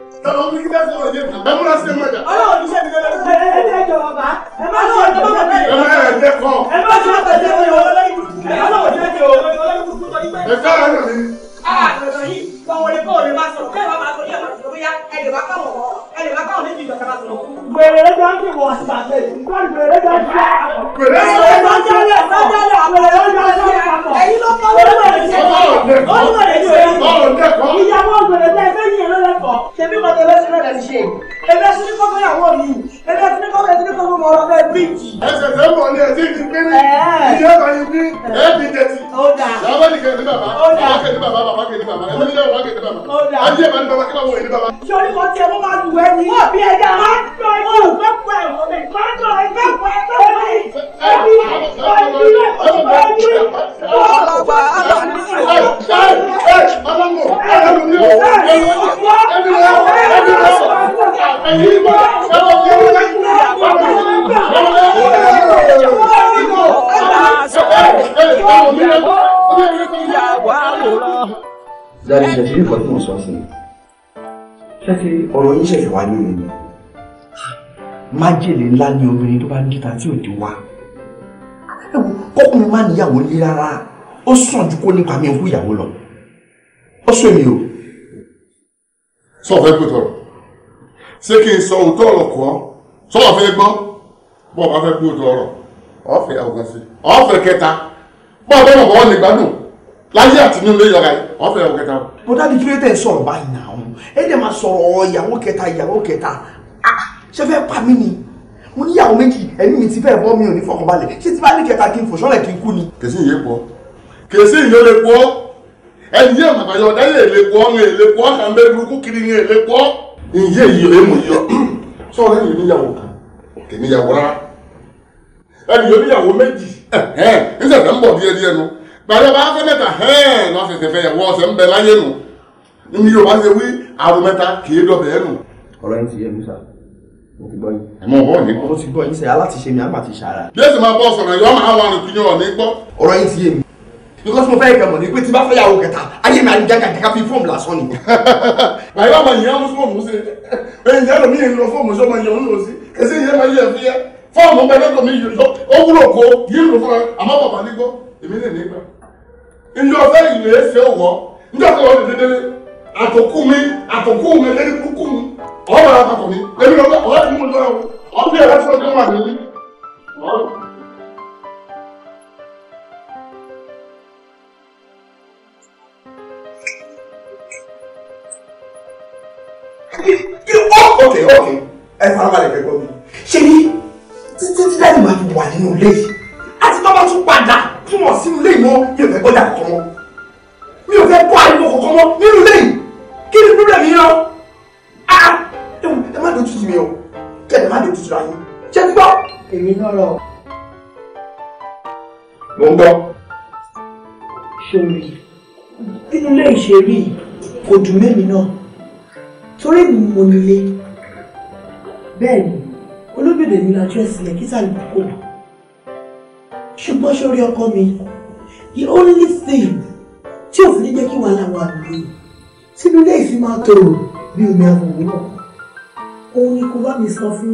tọ́lọ́ ń bí kí bẹ́ẹ̀ sọ̀rọ̀ yé mi. ẹ múra sí ẹ mọ̀jà. ọlọ́run ní sẹ́ni kẹ́lẹ́. ẹ ẹ ṣẹ̀ṣẹ̀ wá ní ìlú májèlé ńlá ni obìnrin tó bá ń díta tí ò di wá kọkùnrin má níyàwó ní rárá ó sàn ju kó nípa mi òkú ìyàwó lọ ó sọ èmi o. sọ fẹ́ pé tọrọ ṣé kí n sọ òótọ́ ọ̀rọ̀ kọ́ sọ wà fẹ́ gbọ́ bọ́ọ̀ bá fẹ́ pé òótọ́ ọ̀rọ̀ ọ̀fẹ́ ọ̀gá sí ọ̀fẹ́ kẹta bọ́ọ̀ bá wọ̀ bọ́ ọ̀ lè gbádùn láyé àti nínú ilé ìyàrá yìí wọ́n fẹ́ ìyàwó kẹta o. bọ́dá di kílódé tẹ̀ ń sọ̀rọ̀ báyìí náà ẹ dẹ̀ máa sọ̀rọ̀ ìyàwó kẹta ìyàwó kẹta ah, ṣé fẹ́ pa mí ni mo ní ìyàwó méjì ẹ̀mí mi ti fẹ́ bọ́ mi ò ní fọkànbalẹ̀ ṣé ti bá ní kẹta kí n fò sọ́lẹ̀ kí n kú ni. kèsì ìyé pọ kèsì ìyé lè pọ ẹni yé màmàyọ ọ̀dẹ́lẹ̀ èlé pọ ọ̀rìn èlé pọ àmì burúkú kiri ní èlé pọ. ìyé yìí èmù yọ sọ̀rọ̀ ẹ̀yìn níyàwó kan kì níyàwó rárá ẹni yóò níyàwó méjì ẹ̀ ẹ̀ ń sẹ̀fẹ̀ ń bọ̀ díẹ̀díẹ̀ nu tàbí ọba afẹ́ mẹ́ta hẹ́ẹ̀ lọ́sẹ̀sẹ̀ fẹ́ yẹ̀wọ́ ọ̀sẹ̀ ń bẹ láyé nù níbi yorùbá ṣe wí àrùn mẹ́ta kì í dọ̀bẹ̀ ẹnu. ọ̀rọ̀ yín ti yé mi sá mo ti gbọ́ yín. ẹ̀mọ́ ọ̀bọ̀ yín. mo ti gbọ́ yín sẹ́yà láti ṣe mi àgbà ti ṣàrà. jésù máa bọ́ sọ̀rọ̀ yọ máa wà nìkú yín ọ̀ní gbọ́. ọ̀rọ̀ yín ti yé mi. because mo fẹ́ kẹ́ mọ̀ ní pé tí bá fẹ́ yàwó mi àti jágà wúlò kó yín lò fún ẹ àmọ́ bàbá nígbọ́ èmi lè nígbà ndé ọfẹ yìí lè ṣe wọ ndé ọfẹ wọn lè dédé àtòkù mi àtòkù mi lẹni kúkú mi ọmọ ara pàtó mi èmi lọ bẹ ọ̀rẹ́ mi mú lọ ọdún yẹn lọsọ ọdún wà nílí. ok ok ẹ farabalẹ̀ kẹ́kọ̀ọ́ mi ṣe ni títí tí dáàbò máa fi wà nínú ilé yìí àti tó bá tún padà fún wọn sínú ilé ìwọ mi ò fẹ́ gbọ́dọ̀ kọ̀ọ̀kan mọ́ mi ò fẹ́ gbọ́ ariwo kọ̀ọ̀kan mọ́ nínú ilé yìí kí ni problem yìí lọ ah, ah ẹ má dojú tì mí o kí ẹ má dojú tì ra yín ṣé gbọ́. èmi náà rọ. mo ń gbọ́. sori nínú ilé ìṣeré kò dùn mẹ́mi náà torí mi mo nílé bẹ́ẹ̀ ni olóbìnrin mi la jẹ́ sílẹ̀ kí sàlùkù kò wá ṣùgbọ́n sórí ọkọ mi the only thing tí òfin jẹ́ kí wàhálà wà lóye sínú ilé ìfi máa tòrò bí omi ẹ̀fọ́ òwúrọ̀ òun ni kò bá mi sọ fún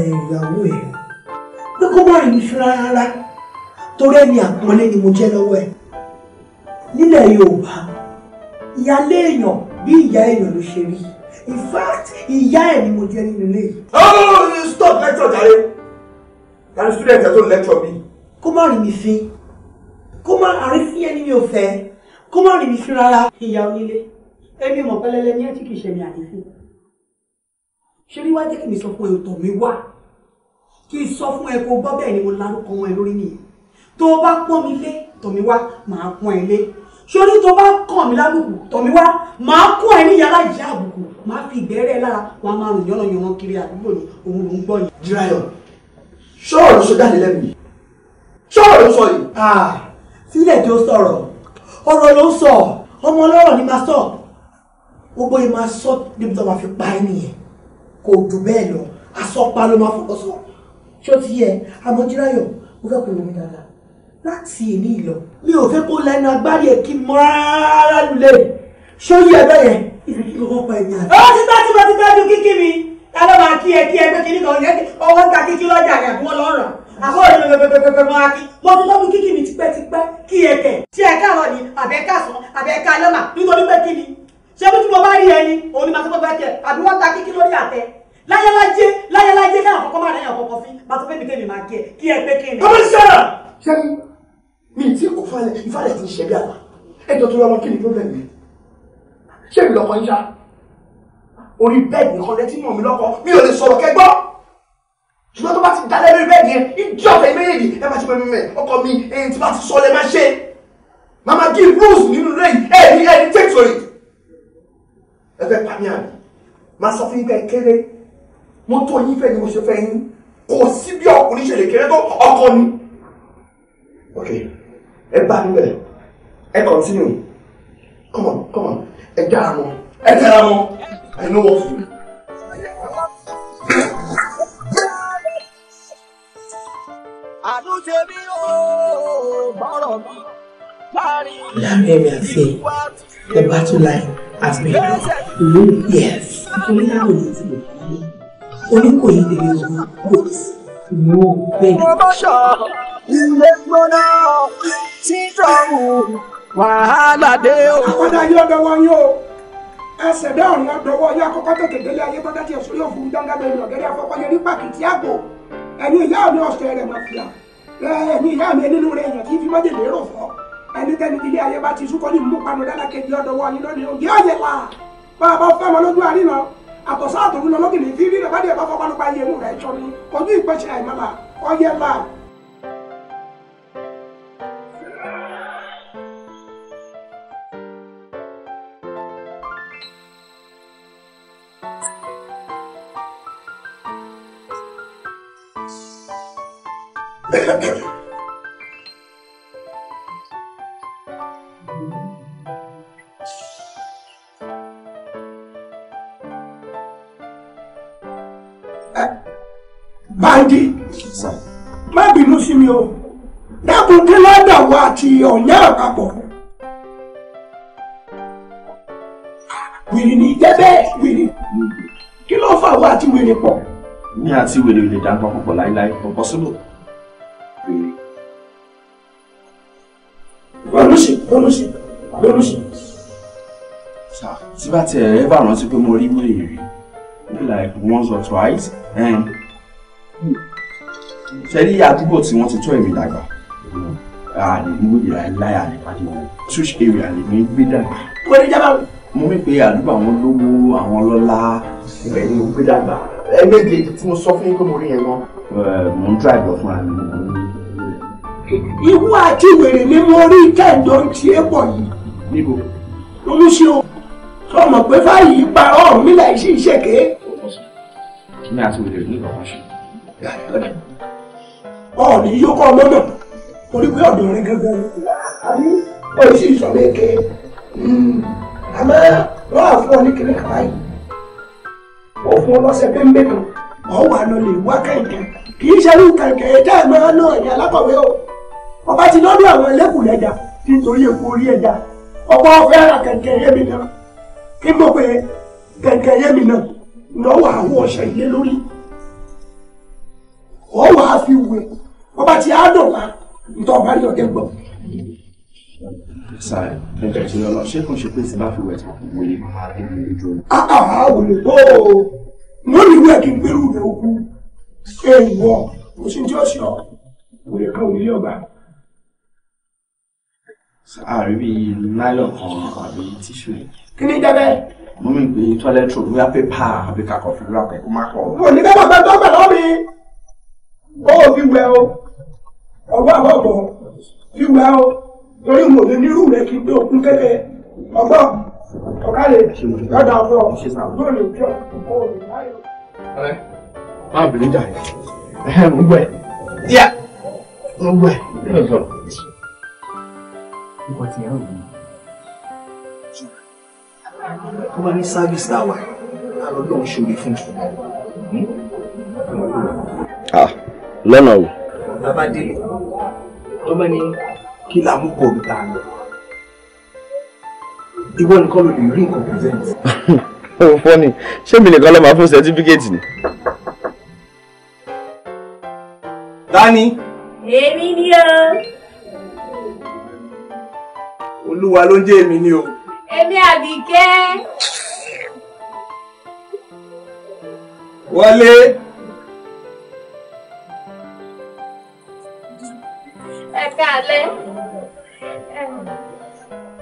ìyàwó ẹ̀ pé kó má rìn mí fúnra rárá torí ẹni àpọ́nlé ni mo jẹ́ lọ́wọ́ ẹ̀ nílẹ̀ Yorùbá ìyálé èèyàn bí ìyá èèyàn ló ṣe rí in fact ìyá ẹ̀ ni mo jẹ́ nínú ilé yìí. stop lecture jàre tani student ẹ̀ tó lecture mi kó má rí mi fín kó má àrífín ẹni mi ò fẹ́ kó má rí mi fín rárá ìyá onílé ẹni mọ̀ pẹ́lẹ́lẹ́ ní ẹtí kìí ṣẹlẹ̀ àrífín ṣé rí wá jẹ́ kí mi sọ fún ẹ òtọ̀ mi wá kí n sọ fún ẹ kó gbọ́ bẹ́ẹ̀ ni mo lárúkọ wọn ẹ lórí nìyẹn tó o bá pọ́n mi lé tọ̀mí wá màá pọ́n ẹ lé ṣorí tó bá kàn mí lálùkù tọ̀mí wá màá kó ẹ ní yàrá ìyá àbùkù màá fi ìgbẹ́rẹ́ lára wàá máa rìn yánnayànna kiri àdúgbò ni òun ló ń gbọ́ yìí. Jíráyọ̀ ṣọ́ọ̀rọ̀ ṣó jáde lẹ́nu yìí sọ̀rọ̀ ló sọ yìí. sílẹ̀ tí ó sọ̀rọ̀ ọ̀rọ̀ ló sọ ọmọ ọlọ́rọ̀ ni máa sọ gbogbo yìí máa sọ níbi tó máa fi pa ẹ́ nìyẹn kò jù bẹ́ẹ̀ lọ asọ́pa ló máa fọkọ sọ ṣé ó ti yẹ amójúráyọ̀ mo fẹ́ kó lómi dáadáa láti èmi ìlọ mi ò fẹ́ kó lẹ́nu agbárí èkí mọ́ rárá lulẹ̀ ṣé ó yẹ bẹ́ẹ̀ yẹn ìrìkí kọ́kọ́ pa ẹ̀mí àná. ó ti tọ́ ti bọ́ ti tọ́jú kíkí mi ta ló máa kí ẹ kí ẹ pé kíní kan ọwọ́ ta kíkí lọ́jà rẹ̀ fún ọlọ́run àwọn èèyàn bẹ̀bẹ̀bẹ̀bẹ̀ máa kí mo tún tọ́nu kíkì mi tipẹ́tipẹ́ kí ẹ̀kẹ́ tí ẹ káàárọ̀ ni àbẹ́ káàsán àbẹ́ ká lọ́mà nítorí pé kí ni ṣé bí tí mo bá rí ẹni òun ni màá tó fẹ́ tiẹ̀ àbí wọ́n ta kíkí lórí àtẹ láyélájé láyélájé káyà kọ́kọ́ máa rẹ̀yàn kọ́kọ́ fi màá tó fẹ́ mi tẹ̀mí máa kí ẹ kí ẹ pé kí ni. ọmọ sẹ́yà ṣé mi ti kò falẹ̀ ìfalẹ̀ ti ṣẹ̀bi àgbà ẹjọ́ tó lọ́mọ kí ni problem mi ṣé mi lọ́kọ ń ṣá orí bẹ́ẹ̀dì kan lẹ́tí mọ̀ mi lọ́kọ mi ò lè sọ̀rọ̀ kẹgbọ́n ṣùgbọ́n tó bá ti dalẹ̀ lórí bẹ́ẹ̀ yẹn ìjọ ọ̀tẹ̀ méjèèjì ẹ máa ṣe pẹ̀lú mẹ́ ọkọ mi ẹyin tí bá ti sọ lẹ́ máa ṣe màmá give rules nínú ilé yìí ẹ ní ẹni take for it. ẹ fẹ́ pa mí àná máa sọ fún yín bẹ́ẹ̀ kéré mọ́tò yín fẹ́ ni mo ṣe fẹ́ yín kò sí bí ọkùnrin ṣe lè kéré tó ọkọ ni. ok ẹ bá mi ẹ continue come on come on ẹ dára mọ́ ẹ dára mọ́ I know what to do. àtúnṣe mi ò gbọ́rọ̀ mi. láàrin èmi àti the battle line has been long years nítorí náà ò ní tìlẹ̀ oníkòyí tèmi ò gbọ́ ìwọ bẹ́ẹ̀. mo bá ṣọ ilé gbóná tí dọ́wù wàhálà dé o. àpàdé ayé ọ̀dọ̀ wọn yóò ẹsẹ̀ dá ọ̀nà dọ̀wọ́ yóò akọ́kọ́ tètè délé ayé bá dájú ẹ̀sùn yóò fún dáńgá bẹ́ẹ̀ ni ọ̀gẹ́dẹ́ afọ́kọ́ yẹn ní pàkìtì àgbò ẹni ìyá mi ọ̀sẹ̀ rẹ̀ mà fìyà ẹni ìyá mi nínú rẹ̀ èèyàn kì í fi mọ́tò lérò fọ́ ẹni tẹ́ni tilé ayé bá ti súnkọ́ ní mú panu dáná kejì ọ̀dọ̀ wọ ni lónìí òjì ọ̀yẹ̀ wà bá a bá fẹ́ mọ lójú àárín náà àtọ̀sọ́ àtòrú lọ lókè ní fífi rẹ̀ bá dẹ̀ bá fọ́ pálọ́pá yé mú rẹ̀ sọ ni ojú ìpẹ́sẹ̀ àìmọ́lá ọ̀yẹ̀ là Bandi, má bínú sí mi o. Dákun kí ládà wa àti ọ̀yá àpapọ̀. Wèrè ní jẹ́ bẹ́ẹ̀ wèrè. Kí ló fà wá àti wèrè pọ̀? Ní àti wèrè ò lè dá nǹkan pọ̀ láíláí, kò possible. lólùsì lólùsì. sà tí bá tiẹ̀ ẹ bá rántí pé mo rí wèrè rí maybe like once or twice. ṣe rí àdúgbò tí wọ́n ti tó èmi dàgbà àlè mú ìlà láyà lè pàdé wọn church area lè mí gbé dàgbà. wọ́n ní jábá mo mí pé àdúgbò àwọn lówó àwọn lọ́lá ibẹ̀ ni mo gbé dàgbà. ẹgbẹ́ kejì tí mo sọ fún yín pé mo rí yẹn gan. mo ń drive lọ fúnra mi mo ìwọ àti wèrè ni mo rí kẹ́ńdọ̀ ń tiẹ́ pọ̀ yìí. níbo. lóun ṣe o sọ mọ̀ pé fáyì pa ọ̀rùn mi láì sí iṣẹ́ ké. àti wèrè ní ìgbà ṣe. ọ̀ọ́nì yóò kọ́ lọ́nà torí pé ọ̀dọ̀ rẹ gẹ́gẹ́ ni àbí ó sì sọ bẹ́ẹ̀ ké. Hmm. àmọ́ wọ́n á fún ọ ní kiri kàrá yìí òfin ọlọ́sẹ̀ pẹ́ńpẹ́ kan ọ̀ wà lọ lè wá kẹ̀kẹ́ kì í ṣe ní kẹ̀kẹ́ ẹ̀jẹ̀ àgbẹ̀rẹ̀ náà ní alákọ̀wé o ọba ti lọ́dọ̀ àwọn ẹlẹ́kùn ẹja tí nítorí epo orí ẹja ọ̀pọ̀ ọ̀fẹ́ ara kẹ̀kẹ́ yé mi náà kí mo pe kẹ̀kẹ́ yé mi náà lọ́wọ́ àwọn ọ̀sẹ̀ ilé lórí ọ̀ wà á fi wé ọba ti á dọ̀la ntọ́ ọba ní ọ̀dẹ́ gbọ́. sáré ẹ̀jẹ̀ tí lọ́lọ́ ṣé kò ṣe pé tí bá fi wẹ̀ tó kù wọlé máa dé ní ojú omi. àhà wòlé tó o mo ní ìwé kí n gbèrú rẹ̀ òkú èèwọ̀ kò sí ní ọ̀sẹ̀ wòlé kan ò ní àríwí nylon kan àbí tíṣù yìí. kí ni jẹ́ bẹ́ẹ̀. mo mì pé toilet roll bóyá pépà àbí kakọ̀ fi rà pẹ̀ kó má pọ̀. wò ní bẹ́ẹ̀ bàbá tó bẹ̀ lọ́ mi ó fi wẹ o ọwọ́ àbọ̀bọ̀ fi wẹ o torí mo lè nírú rẹ kí n gbé okun kéke ọgbọ́n ọ̀kálẹ̀ lọ́dà ọ̀fọ̀ yóò lè jọ ọ̀pọ̀ òbí láyò. ọ̀rẹ́ máa bìrì jà yẹn ń gbẹ ń gbẹ nípa ti ẹ̀rọ mi. tó bá ní sáfíìsì táwa àlọ́ náà ṣòro fún un. Hmm? Ah, lọ́nà o. bàbá délé tó bá ní kí làmú kò bí tá a lọ. ìwọ nìkan ló lè rí nǹkan present. ó fọ́ni ṣé mi nìkan ló máa fún sẹ́tífíkẹ́tì ni. Dani. Èmi ni olúwa ló ń jẹ́ èmi ni o. èmi àbíkẹ́. wọlé. ẹ káalẹ́.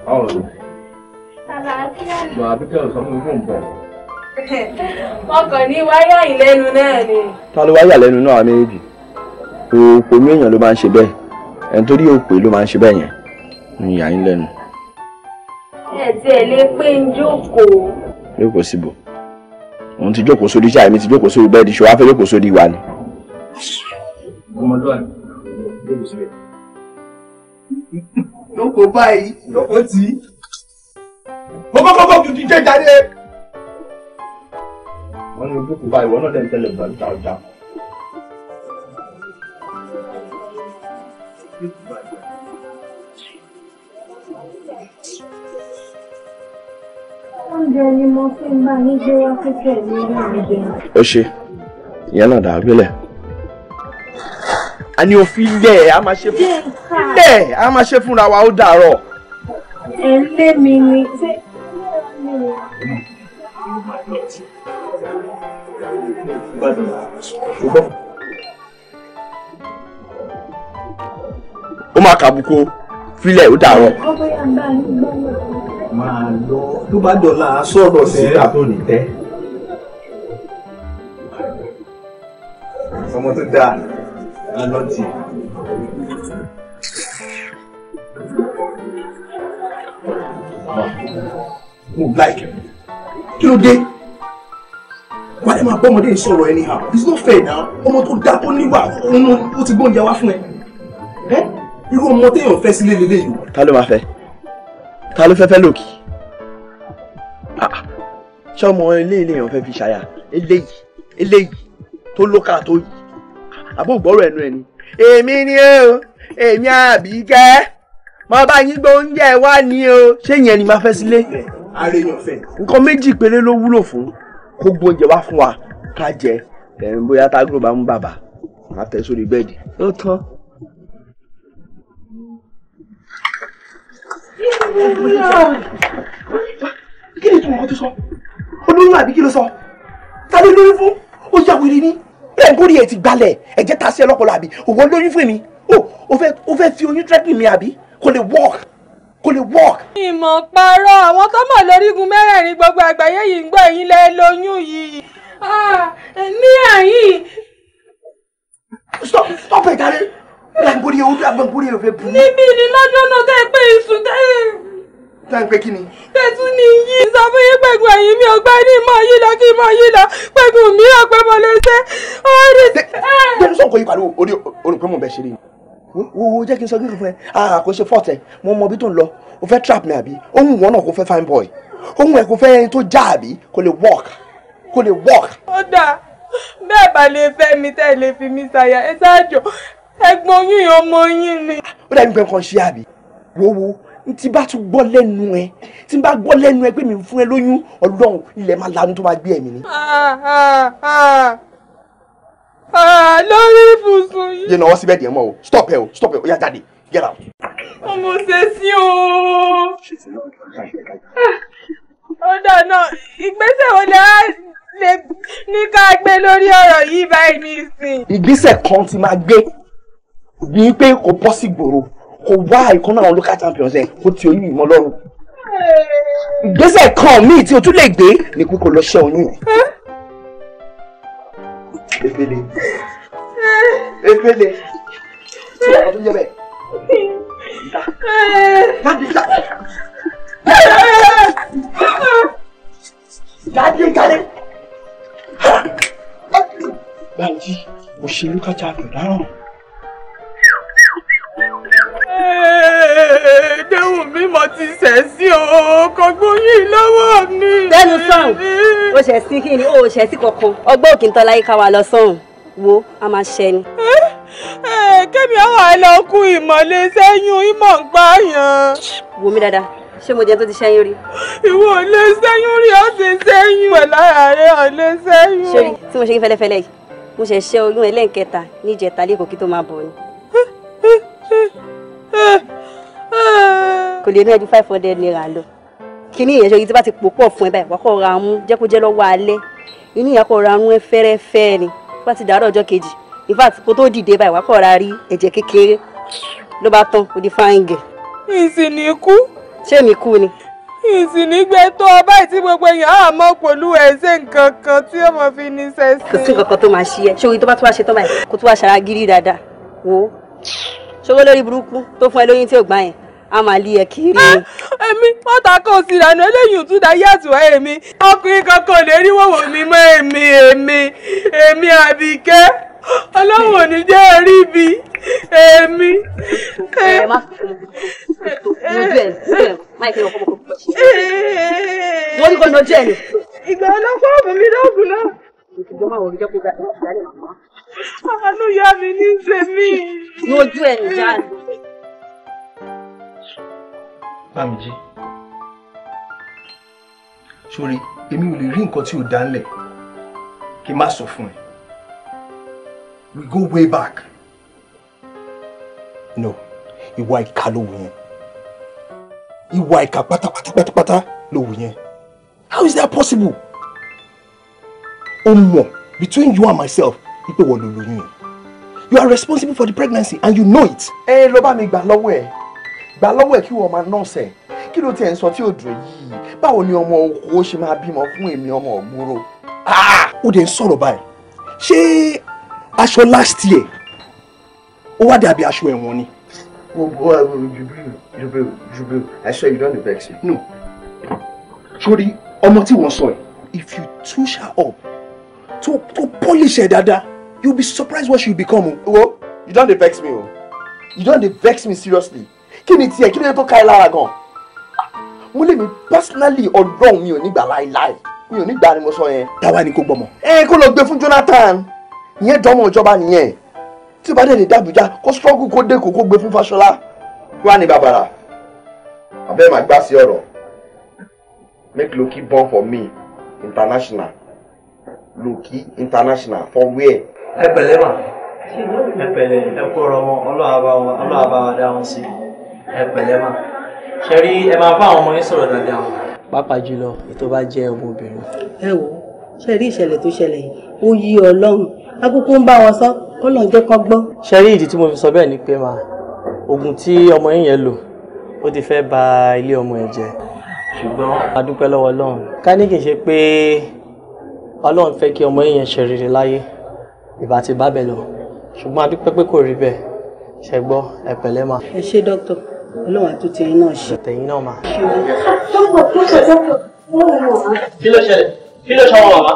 báwo ni. àlàáfíà ni. àbíkẹ́ ò sọ fún mi fún un bọ̀ wọn kàn ní wáyà ìlẹ́nu náà ni. ta ló wáyà lẹ́nu náà méjì òpò mí èèyàn ló máa ń ṣe bẹ́ẹ̀ ẹni tó rí òpè ló máa ń ṣe bẹ́ẹ̀ yẹn ń yà yín lẹ́nu. ẹ ti ẹ lè pé ń jókòó. jókòó síbò òun ti jókòó sórí iṣẹ́ àmì ti jókòó sórí bẹ́ẹ̀dì ṣọwọ́ afẹ́ jókòó sórí ìwà ni. ọmọlúwàbí lóògùn síbẹ̀. lóko báyìí lóko tí. kókókókó kìkì jẹ́ jáde. wọ́n ní ojúkù báyìí wọ́n náà dẹ̀ tẹ́lẹ̀ gbàgbà ọjà. oúnjẹ ni mo fi ń bá yín gbé wá pípẹ́ mi náà mi jẹun. ó ṣe ìyẹn náà dàá gbélẹ̀ a ní òfin ilẹ̀ a máa ṣe fún ilẹ̀ a máa ṣe fúnra wa ó dàárọ̀. ẹ lé mi ni ṣé. ó máa kàbùkù filẹ̀ ó dàárọ̀. ó bóyá ń bá yín gbọ́ náà máa lọ tó bá dọ̀la sọ̀rọ̀ síra tó ní tẹ́. ọmọ tó dáa alọ́tì. mo like it? kí ló dé wàá máa bọ́ ọmọdé sọ̀rọ̀ anyhow it's not fair now ọmọ tó dáa tó níwà ó ti gbóúnjẹ wá fún ẹ irú ọmọ téèyàn fẹ́ sílé lélẹ́yìí. ta ló máa fẹ́ ta ló fẹ́ fẹ́ lòkì ah, ṣọmọ eléyìí lèèyàn fẹ́ fi ṣàyà eléyìí eléyìí tó lókà tó yìí àbógbọ́rọ̀ ẹnu ẹni èmi ni o èmi àbíkẹ́ mo bá yín gbọ́ oúnjẹ wá ní o ṣé yẹn ni máa fẹ́ sílé nǹkan méjì péré ló wúlò fún kó gbóúnjẹ wá fún wa ká jẹ tẹ̀yìn bóyá tágùrò bá mú bàbá má tẹ̀ bẹ́ẹ̀dì. ó tán kí ni ìtumọ̀ tó sọ olóyún àbí kí ló sọ ta ló lóyún fún ó yà wèrè ni bẹ́ẹ̀ ń bórí ẹ̀ ti gbalẹ̀ ẹ̀jẹ̀ ta sí ẹ lọ́pọ̀lọ́ àbí òwò lóyún fún mi ó fẹ́ fi oyún tẹ́tì mi àbí kò lè work kò lè work. ìmọ̀ parọ́ àwọn tó mọ̀ lórígun mẹ́rẹ̀ẹ̀rin gbogbo àgbáyé yìí ń gbọ́ ẹ̀yin lẹ́ lóyún yìí ní àyìn. stop stop it jàre agbórí ewu agbórí ewu fẹ́ bu. níbi ni lọ́jọ́ náà tẹ́ ẹ pé iṣu tẹ́ ẹ. tẹ́ ẹ pé kí ni. tẹ̀sùn ni yí. ìsàfihì pẹ̀gùn ẹ̀yìn mi ọgbẹ́ ní mọ̀ yí lọ kí mọ̀ yí lọ pẹ̀gùn mi ọgbẹ́ mọ̀ lè ṣe. bẹ́ẹ̀ni sọ̀kọ̀ yìí pariwo orí olùpẹ́ mọ̀ bẹ́ẹ̀ ṣe rí i. wo wo jẹ́ kí n sọ kíkọ fún ẹ ah kò ṣe fọ́ọ̀tẹ̀ mo mọ bí tó ń lọ o fẹ́ trap mi àbí ohun wọn náà kò fẹ́ fine boy ohun ẹ̀ kò fẹ́ ẹni tó já àbí kò lè work kò lè work. ó dáa bẹ́ẹ̀ bá lè fẹ́ mi tẹ́ lè fi mi ṣàyà ẹ ṣáájò ẹ̀gbọ́n yín ọmọ yín ni. ó dàbí pé nǹkan ṣe àbí wo wo tí bá tún gbọ́ lẹ́nu ẹ tí bá gbọ́ lẹ́nu ẹ pé mi fún ẹ lóyún ọlọ́run ilẹ̀ máa lanu tó máa gbé ẹ̀mí ni. lórí ibùsùn yìí. yé náwó síbẹ̀ díẹ̀ mọ́ o stop ẹ o stop ẹ o yá jáde get out. ọmọ ṣe sí o. ọ̀dà náà ìgbésẹ̀ wo lè ní ká gbé lórí ọ̀rọ̀ yìí báyìí nísìnyí. ìgbésẹ̀ kan ti máa gbé ní pé kò bọ́ sí gbòòrò kò wá ìkànnà àwọn local champions ẹ̀ kó ti oyún ìmọ̀ lọ́rùn ìgbésẹ̀ kan míì tí o tún lè gbé ni pé kò lọ ṣẹ́ oyún yẹn. ebele ebele tí wàá tó yẹ déhùn mi mo ti ṣẹ̀ sí o kò gbóyìn lọ́wọ́ mi. lẹ́nu sọ̀hún o ṣẹ̀ sí kí ni o ò ṣẹ̀ sí kankan ọgbọ́n òkè ń tọ́lá yìí ká wa lọ sọ̀hún wo a máa ṣẹ ni. kẹ́mi àwọn àlọ́kù ìmọ̀lẹ̀ sẹ́yìn ìmọ̀ ń pààyàn. wo mi dáadáa ṣé mo jẹ tó ti ṣẹ́yún rí. ìwọ ò lè ṣẹ́yún rí ó ti ṣẹ́yún ẹ̀ lára rẹ̀ ò lè ṣẹ́yún. sori tí mo ṣe ń fẹ́lẹ́fẹ́lẹ́ yìí mo ṣẹ̀ ṣẹ́ oyún ẹlẹ́ǹkẹta níjẹta lẹ́kọ̀ọ́ kí tó máa bọ̀ ni. kò lè ná ju five hundred naira lọ kíní ìyẹn ṣe yìí tí bá ti pò pọ̀ fún ẹ báyìí wàá kọ́ ra mú jẹ́ kó jẹ́ lọ́wọ́ alẹ́ inú ìyẹn kọ́ ra mú ẹ fẹ́rẹ́fẹ́ ni bá ti dàárọ̀ ọjọ́ kejì in fact tó dìde báyìí wàá kọ́ ra rí ẹ̀jẹ̀ kékeré ló bá tán kò di fáyìngẹ̀. ìsìn ikú. ṣé mi kú ni. ìsìn nígbẹ tó ọ báyìí tí gbogbo èèyàn á mọ pẹ̀lú ẹsẹ nǹkan kan tí ó mọ fi ní sẹsẹ. kò sí nǹkan kan tó máa ṣe ẹ ṣòwò a máa lé ẹ kiri. Ah, èmi mọ́tà kò sí ìlànà eléyìí tún da yé àtúwá èmi ọkùnrin kankan lè rí wọ̀wọ̀ mi mọ́ èmi èmi èmi àbíkẹ́ ọlọ́run ò ní jẹ́ rí bi èmi. ẹ má fi fún un lójú ẹ sílẹ̀ máa kí ọkọ mọ́kọ pọ̀ sí i. wọ́n ní kò lójú ẹ ni. ìgbà ọlọ́pàá ọ̀bùn mi lóògùn náà. ìjọba òun jẹ́ kó gbà tó ìyá rẹ̀ màmá. àánú ah, ya mi ní sẹ́mi. lójú ẹ̀ ń jáde. Bámijí sórí èmi ò lè rí nǹkan tí ò dánlẹ̀ kí n má sọ fún ẹ we go way back no ìwà ìka ló wù yẹn ìwà ìka pátápátá pátápátá ló how is that possible o mọ̀ between you and myself ipe wọ́n ló lóyún you are responsible for the pregnancy and you know it. ẹ lọ bá mi gbà lọ́wọ́ ẹ̀ gbà lọ́wọ́ ẹ̀ kí wọ́n máa nọ́ọ̀sẹ̀ kí ló tiẹ̀ ń sọ tí ò dùn yìí báwo ni ọmọ oko ṣe máa bímọ fún èmi ọmọ ògbóró. Ah! ó dẹ̀ ń sọ̀rọ̀ báyìí ṣé aṣọ last year ó wá dàbí aṣọ ẹ̀wọ̀n ni. gbogbo àwọn eh, Jubril Jubril Jubril I swear you don't vex me. no sori ọmọ tí wọ́n sọ yìí if you touch her up to to polish her dada you be surprised what she become o. wo you don dey vex me o you don dey vex me seriously kí ni tiẹ̀ kí ni tó ká ẹ lára gan mo lè mi personally ọdún mi ò ní gbà láéláé mi ò ní gbà ni mo sọ yẹn. táwa ni kò gbọmọ. ẹ kó lọ gbé fún Jonathan ìyẹn dánmọ ìjọba nìyẹn tí o bá dẹ̀ lè dàbújá kó struggle kó dé kó kó gbé fún Fáṣọlá wá ní bàbàrà abẹ́ máa gbá sí ọ̀rọ̀ make Loki born for me international Loki international for where. ẹ pẹ̀lẹ́ mà ẹ pẹ̀lẹ́ ẹ kó ọ̀rọ̀ wọn ọlọ́àbá wọn ọlọ́àbá wa dá wọn sí i ẹ pẹ̀lẹ́ mà ṣe rí ẹ máa bá àwọn ọmọ yín sọ̀rọ̀ dáadáa o. pàápàá jùlọ ètò bá jẹ́ ọmọbìnrin. ẹ wo ṣe rí ìṣẹ̀lẹ̀ tó ṣẹlẹ̀ yìí ó yí ọlọ́run akókó ń bá wọn sọ kó lọ́n jẹ́ kó gbọ́. ṣe rí ìdí tí mo fi sọ bẹ́ẹ̀ ni pé mà oògùn tí ọmọ yín yẹn lò ó ti fẹ́ ba ilé ọmọ ẹ̀ jẹ́ ṣùgbọ́n a dúpẹ́ lọ́wọ́ ọlọ́run ká ní kì í ṣe pé ọlọ́run fẹ́ kí ọmọ yín yẹn ṣe rere láyé ìbá ti bá bẹ̀ lọ ṣùgbọ́n a pé kò rí bẹ́ẹ̀ ṣẹ́gbọ́ ẹ pẹ̀lẹ́ ẹ ṣé dókítà. 等于那嘛？多少？多少？多少？我吗？别来吵我了嘛！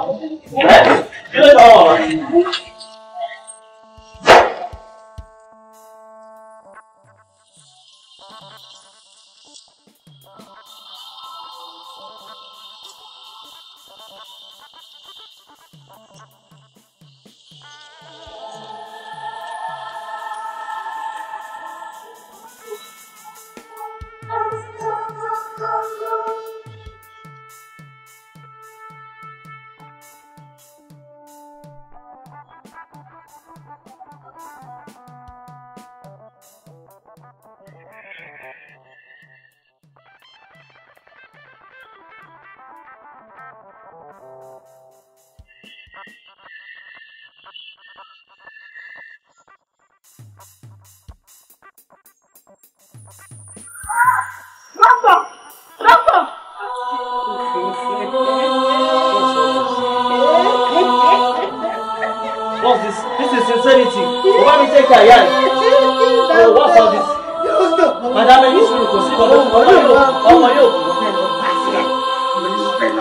ọmọ yóò kú.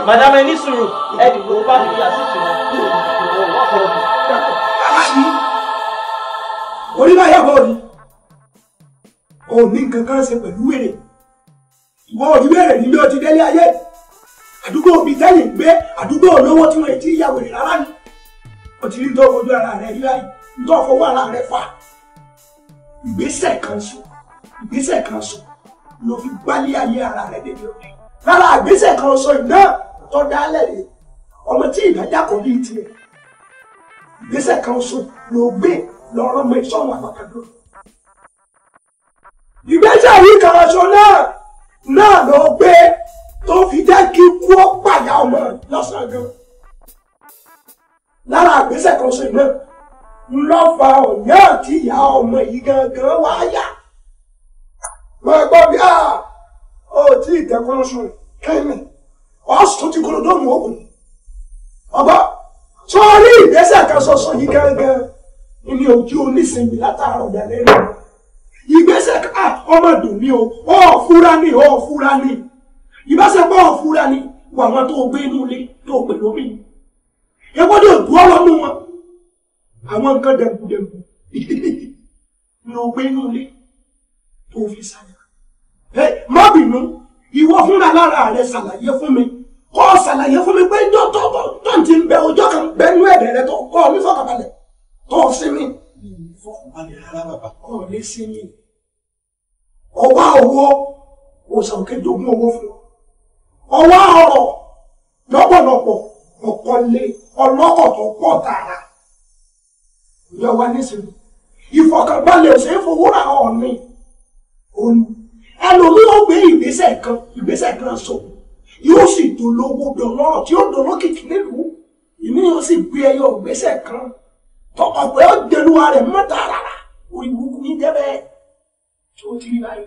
madam ẹ ní sùúrù ẹ dìbò bá fi àṣìṣe wọn. oníbàyà bọ́ọ̀lù òní nǹkan kan ṣe pẹ̀lú wèrè ìwọ òní wèrè nílé ọtí délé ayé àdúgbò òbí tẹ́yìn gbé àdúgbò olówó tí wọ́n ti yà wèrè rárá ni o ti rí tó fojú ara rẹ rí láyé tó fọwọ́ ara rẹ fà ìgbésẹ̀ kan sùn ìgbésẹ̀ kan sùn ló fi gbálé ayé ara rẹ̀ dédé òní rárá àgbésẹ̀ kan sọ iná tó dálẹ̀ rè ọmọ tí ìdájà kò ní tiẹ̀ ìgbésẹ̀ kan sọ ló gbé lọ́rọ́ mọ ìṣọ́wọ́n àpàkàdó ìgbésẹ̀ yìí kan sọ náà náà ló gbé tó fi jẹ́ kí kú ó pàyà ọmọ lọ́sàn-án gan lára àgbésẹ̀ kan sọ iná ńlọ́fà ọ̀yàn àti ìyá ọmọ yìí gangan wáyà máa gbọ́ bí a ò tí ì tẹ́kọ́nà sùn kẹ́mi wàá sùn ti kúrò dóòmù òkun ọba tó a rí ìgbésẹ̀ kan sọ̀sọ̀ yìí gángan ní ojú onísìnyí látàárọ̀ dalẹ́ rẹ̀ ìgbésẹ̀ ká ah, ọmọ dùn mí o ọ̀ fúra ní ọ̀ fúra ní ìbáṣepọ̀ ọ̀ fúra ní wà wọn tó gbé inú ilé tó pè lómi ẹgbọ́dọ̀ dùn ọ́ lọ́nu wọn àwọn nǹkan dẹ̀kùdẹ̀kù ló gbé inú ilé tó fi ṣàyà ẹ má bínú ìwọ fúnra lára rẹ ṣàlàyé fún mi kọ́ ṣàlàyé fún mi pé ìjọ tó tó tó ti ń bẹ ọjọ́ kan bẹnu ẹ̀dẹ̀ rẹ tó kọ́ ọ nífọ̀kànbalẹ̀ tó sí mi. ìfọ̀kànbalẹ̀ rárá bàbá kọ́ ọ lé sí mi ọwá owó òsàn kéjogún owó fún ọwá ọrọ̀ lọ́pọ̀lọpọ̀ ọ̀kọ̀lé ọlọ́kọ̀ tó pọ̀ tààrà ìjọba nísìnyí ìfọ̀kànbalẹ̀ òsè fowó ra ọ̀nì òní ẹlòmí ó gbé ìgbésẹ̀ kan ìgbésẹ̀ kan sọ yóò sì dolówó dọlọ́rọ̀ tí ó dolókìkí nílùú ìní yóò sì gbé ẹyọ ìgbésẹ̀ kan ọ̀pẹ ó dẹnuwa rẹ̀ mọ́ta rárá orí burúkú ní jẹ́ bẹ́ẹ̀ tí ó ti rí báyìí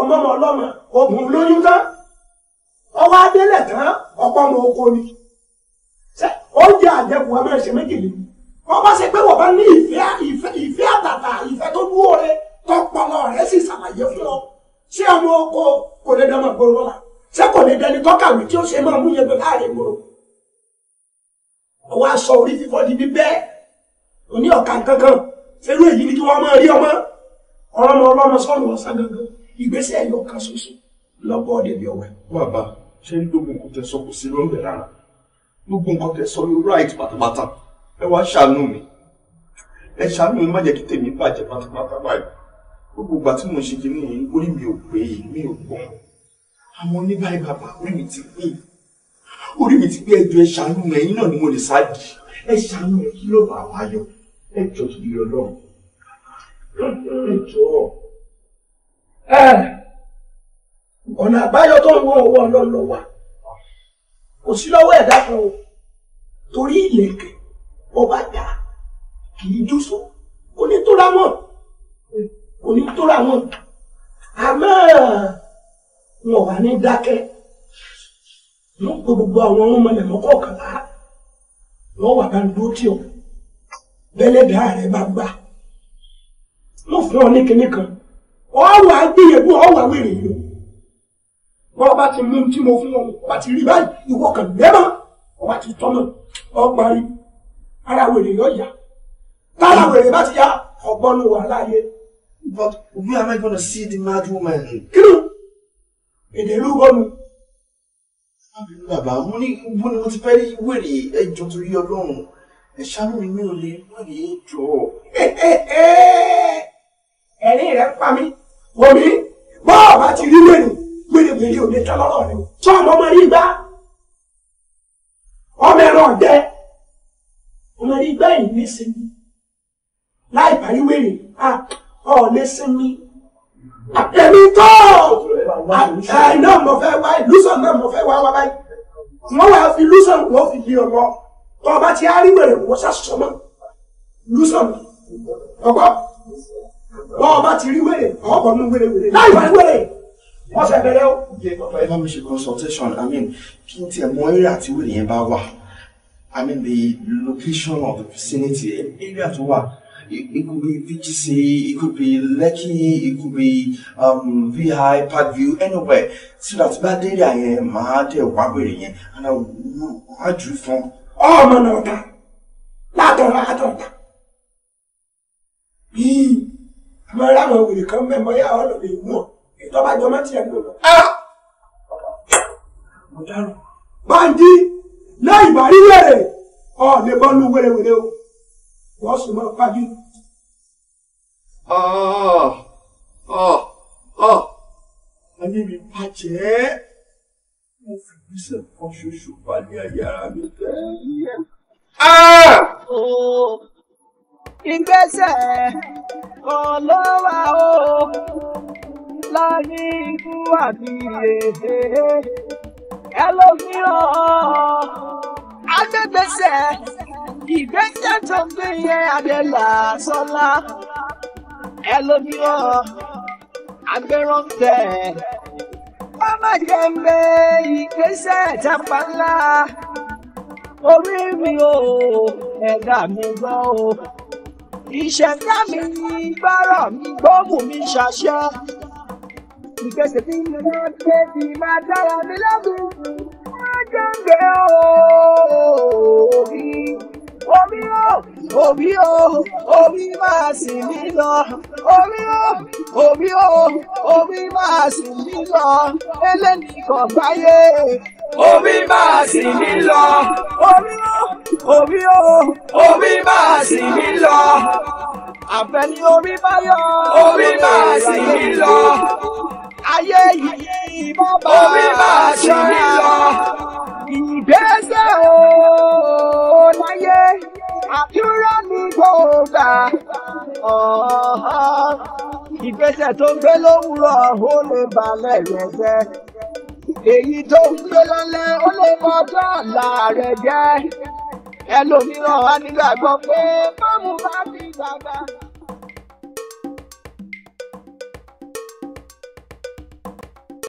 ọmọ ọmọ ọlọ́mọ ogun lóyún tán ọwọ́ adélẹ̀ tán ọ̀pọ̀ ọmọ oko ni oúnjẹ àjẹkù ọmọ ẹ̀ṣẹ̀ méjìlél wọ́n bá ṣe pé wọ́n bá ní ìfẹ́ àtàtà ṣe máa mú yẹn lọ láàrin ìgboro àwọn aṣọ orí fífọ́ di bíbẹ́ òní ọ̀ka kankan fẹ́rú èyí ni kí wọ́n máa rí ọmọ ọlọ́mọ ọlọ́mọ sọ́nù ọ̀sán gangan ìgbésẹ̀ ẹ̀yọ̀ kan ṣoṣo lọ́pọ̀ ọ̀dẹ̀bí ọ̀wẹ́. bàbá ṣe ń gbogbo nǹkan tẹ sọ kò sí lọ́ọ̀bẹ̀ rárá gbogbo nǹkan tẹ sọ yóò ráìtì pátápátá ẹ wá ṣàánú mi ẹ ṣàánú mi má jẹ́ kí tèmi bàjẹ́ pátápátá báyìí gbogbo ìgbà tí mo ṣe kí ní orí mi ò pé mi ò gbọ́n àwọn oníbàárẹ̀ bàbá orí mi ti pé orí mi ti pé ẹjọ́ ẹ ṣàánú mi ẹ̀yin náà ni mo lè ṣáàdì ẹ ṣàánú mi kí ló bàá wá yọ ẹjọ́ tó yọ lọ́rùn ẹjọ́ ọ̀nà àbáyọ tó ń wọ owó ọlọ́lọ́ wa kò sí lọ́wọ́ ẹ̀dá kan o torí ìlẹ̀kẹ̀ ọba dá kì í dúsọ kò ní tó ra mọ́ kò ní tó ra mọ́ àmọ́ wọn wà ní dákẹ́ wọn kó gbogbo àwọn ọmọlẹ̀ mọ́kọ̀ọ̀kànlá wọn wà bá ń dúró tí o bẹ́lẹ́dàá rẹ bá gbà wọn fún ọ ní kinní kan ọwà gbìyànjú ọwà wèrè yìí wọn bá ti mú tí mo fún ọ bá ti rí báyìí ìwọ kàn lẹ́mọ̀ ọba ti tọ́mọ̀ ọparí ara wèrè yọ yá tára wèrè bá ti yá ọgbọ́n wà láàyè. But we are not gonna see the mad woman. kí ló èdè ló gbọ́nu. bàbá mo ní gbogbo ni mo ti fẹ́ rí wèrè ẹjọ́ torí ọlọ́run ẹ ṣàánú mi mi ò lè wèrè ẹjọ́. ẹ̀rín rẹ̀ pa mí wọ́n mi bọ́ọ̀ bá ti rí wèrè wèrèwèrè ò lè tọ́ lọ́rọ̀ rẹ̀ tó àwọn ọmọ rí gbá ọmọ ẹ̀rọ ọ̀dẹ́ ọmọ rí gbá yìí ní sinmi láì parí wèrè ọ̀ lè sinmi ẹ̀mí tó wá ìlúṣọ. ẹ náà mo fẹ́ wá ìlúṣọ náà mo fẹ́ wá wá báyìí wọ́n wá fi ìlúṣọ wọ́n fi lé ọmọ tó ọba ti á rí wèrè wọ́n ṣàṣọ mọ́ ìlúṣọ ọgbọ́n wọ́n ọba ti rí wèrè ọkọ̀ nù wèrè wèrè láì wá wèrè wọ́n ṣe bẹ̀rẹ̀ o. bàbá ibà mi ṣe consultation i mean kí n tiẹ̀ mọ eré àti wèrè yẹn bá wà i mean the location of the vicinity area tó wà. It, could be VGC, it could be Lekki, it could be um, VI, Parkview, anywhere. So that's bad dé area yẹn, màá dẹ̀ wá wèrè yẹn, and I wá jù fún ọmọ náà dá. Látọ̀ látọ̀ dá. Bíi àmọ́ láwọn wèrè kan mẹ́ my all of you ọ. It's about tiẹ̀ ń lò lọ. Ah, dárò. Báńdì lẹ́yìn bá rí wèrè, ọ̀ lè bọ́ nú wèrèwèrè o wọ́n sì mọ́ pájú. Ah, ah, ah. ayé mi bàjẹ́ mo fi ìgbésẹ̀ kan ṣoṣo balẹ̀ ayé ara mi tẹ́. Oh, ìgbésẹ̀ olówó o láyé ikú àbí èdè ẹ ló fi hàn án. agbègbèsẹ̀ ìgbésẹ̀ tó ń gbé yẹn adẹ́là sọ́lá ẹ ló ní ọ agbẹ́rọ̀ǹtẹ̀ wọ́n má jẹ́ ń gbé ìgbésẹ̀ tápá ńlá orí mi ò ẹ̀dá mi gbọ́ o ìṣẹ̀dá mi ní bárọ̀ mi gbóògùn mi ṣàṣẹ ìgbésẹ̀ tí mo máa gbé ti máa dára mi lọ́gùn máa jẹ́ ń omi o, omi o, omi máa sì mí lọ omi ó omi ó omi máa sì mí lọ elénìkan gbáyé omi máa sì mí lọ omi ó omi ó omi máa sì mí lọ àfẹ ni omi bá yọ omi máa sì mí lọ ayé yìí bọ́ bá omi máa sì mí lọ ìgbésẹ̀ o láyé àdúrà mi kò gbà ìgbésẹ̀ tó gbé lówùúrọ̀ ó lè balẹ̀ rẹ̀ṣẹ̀ èyí tó gbé lálẹ́ ó lè mọ́tò ọ̀la rẹ̀ jẹ́ ẹlòmíràn á nígbàgbọ́ pé báwo bá ti gbàgbà.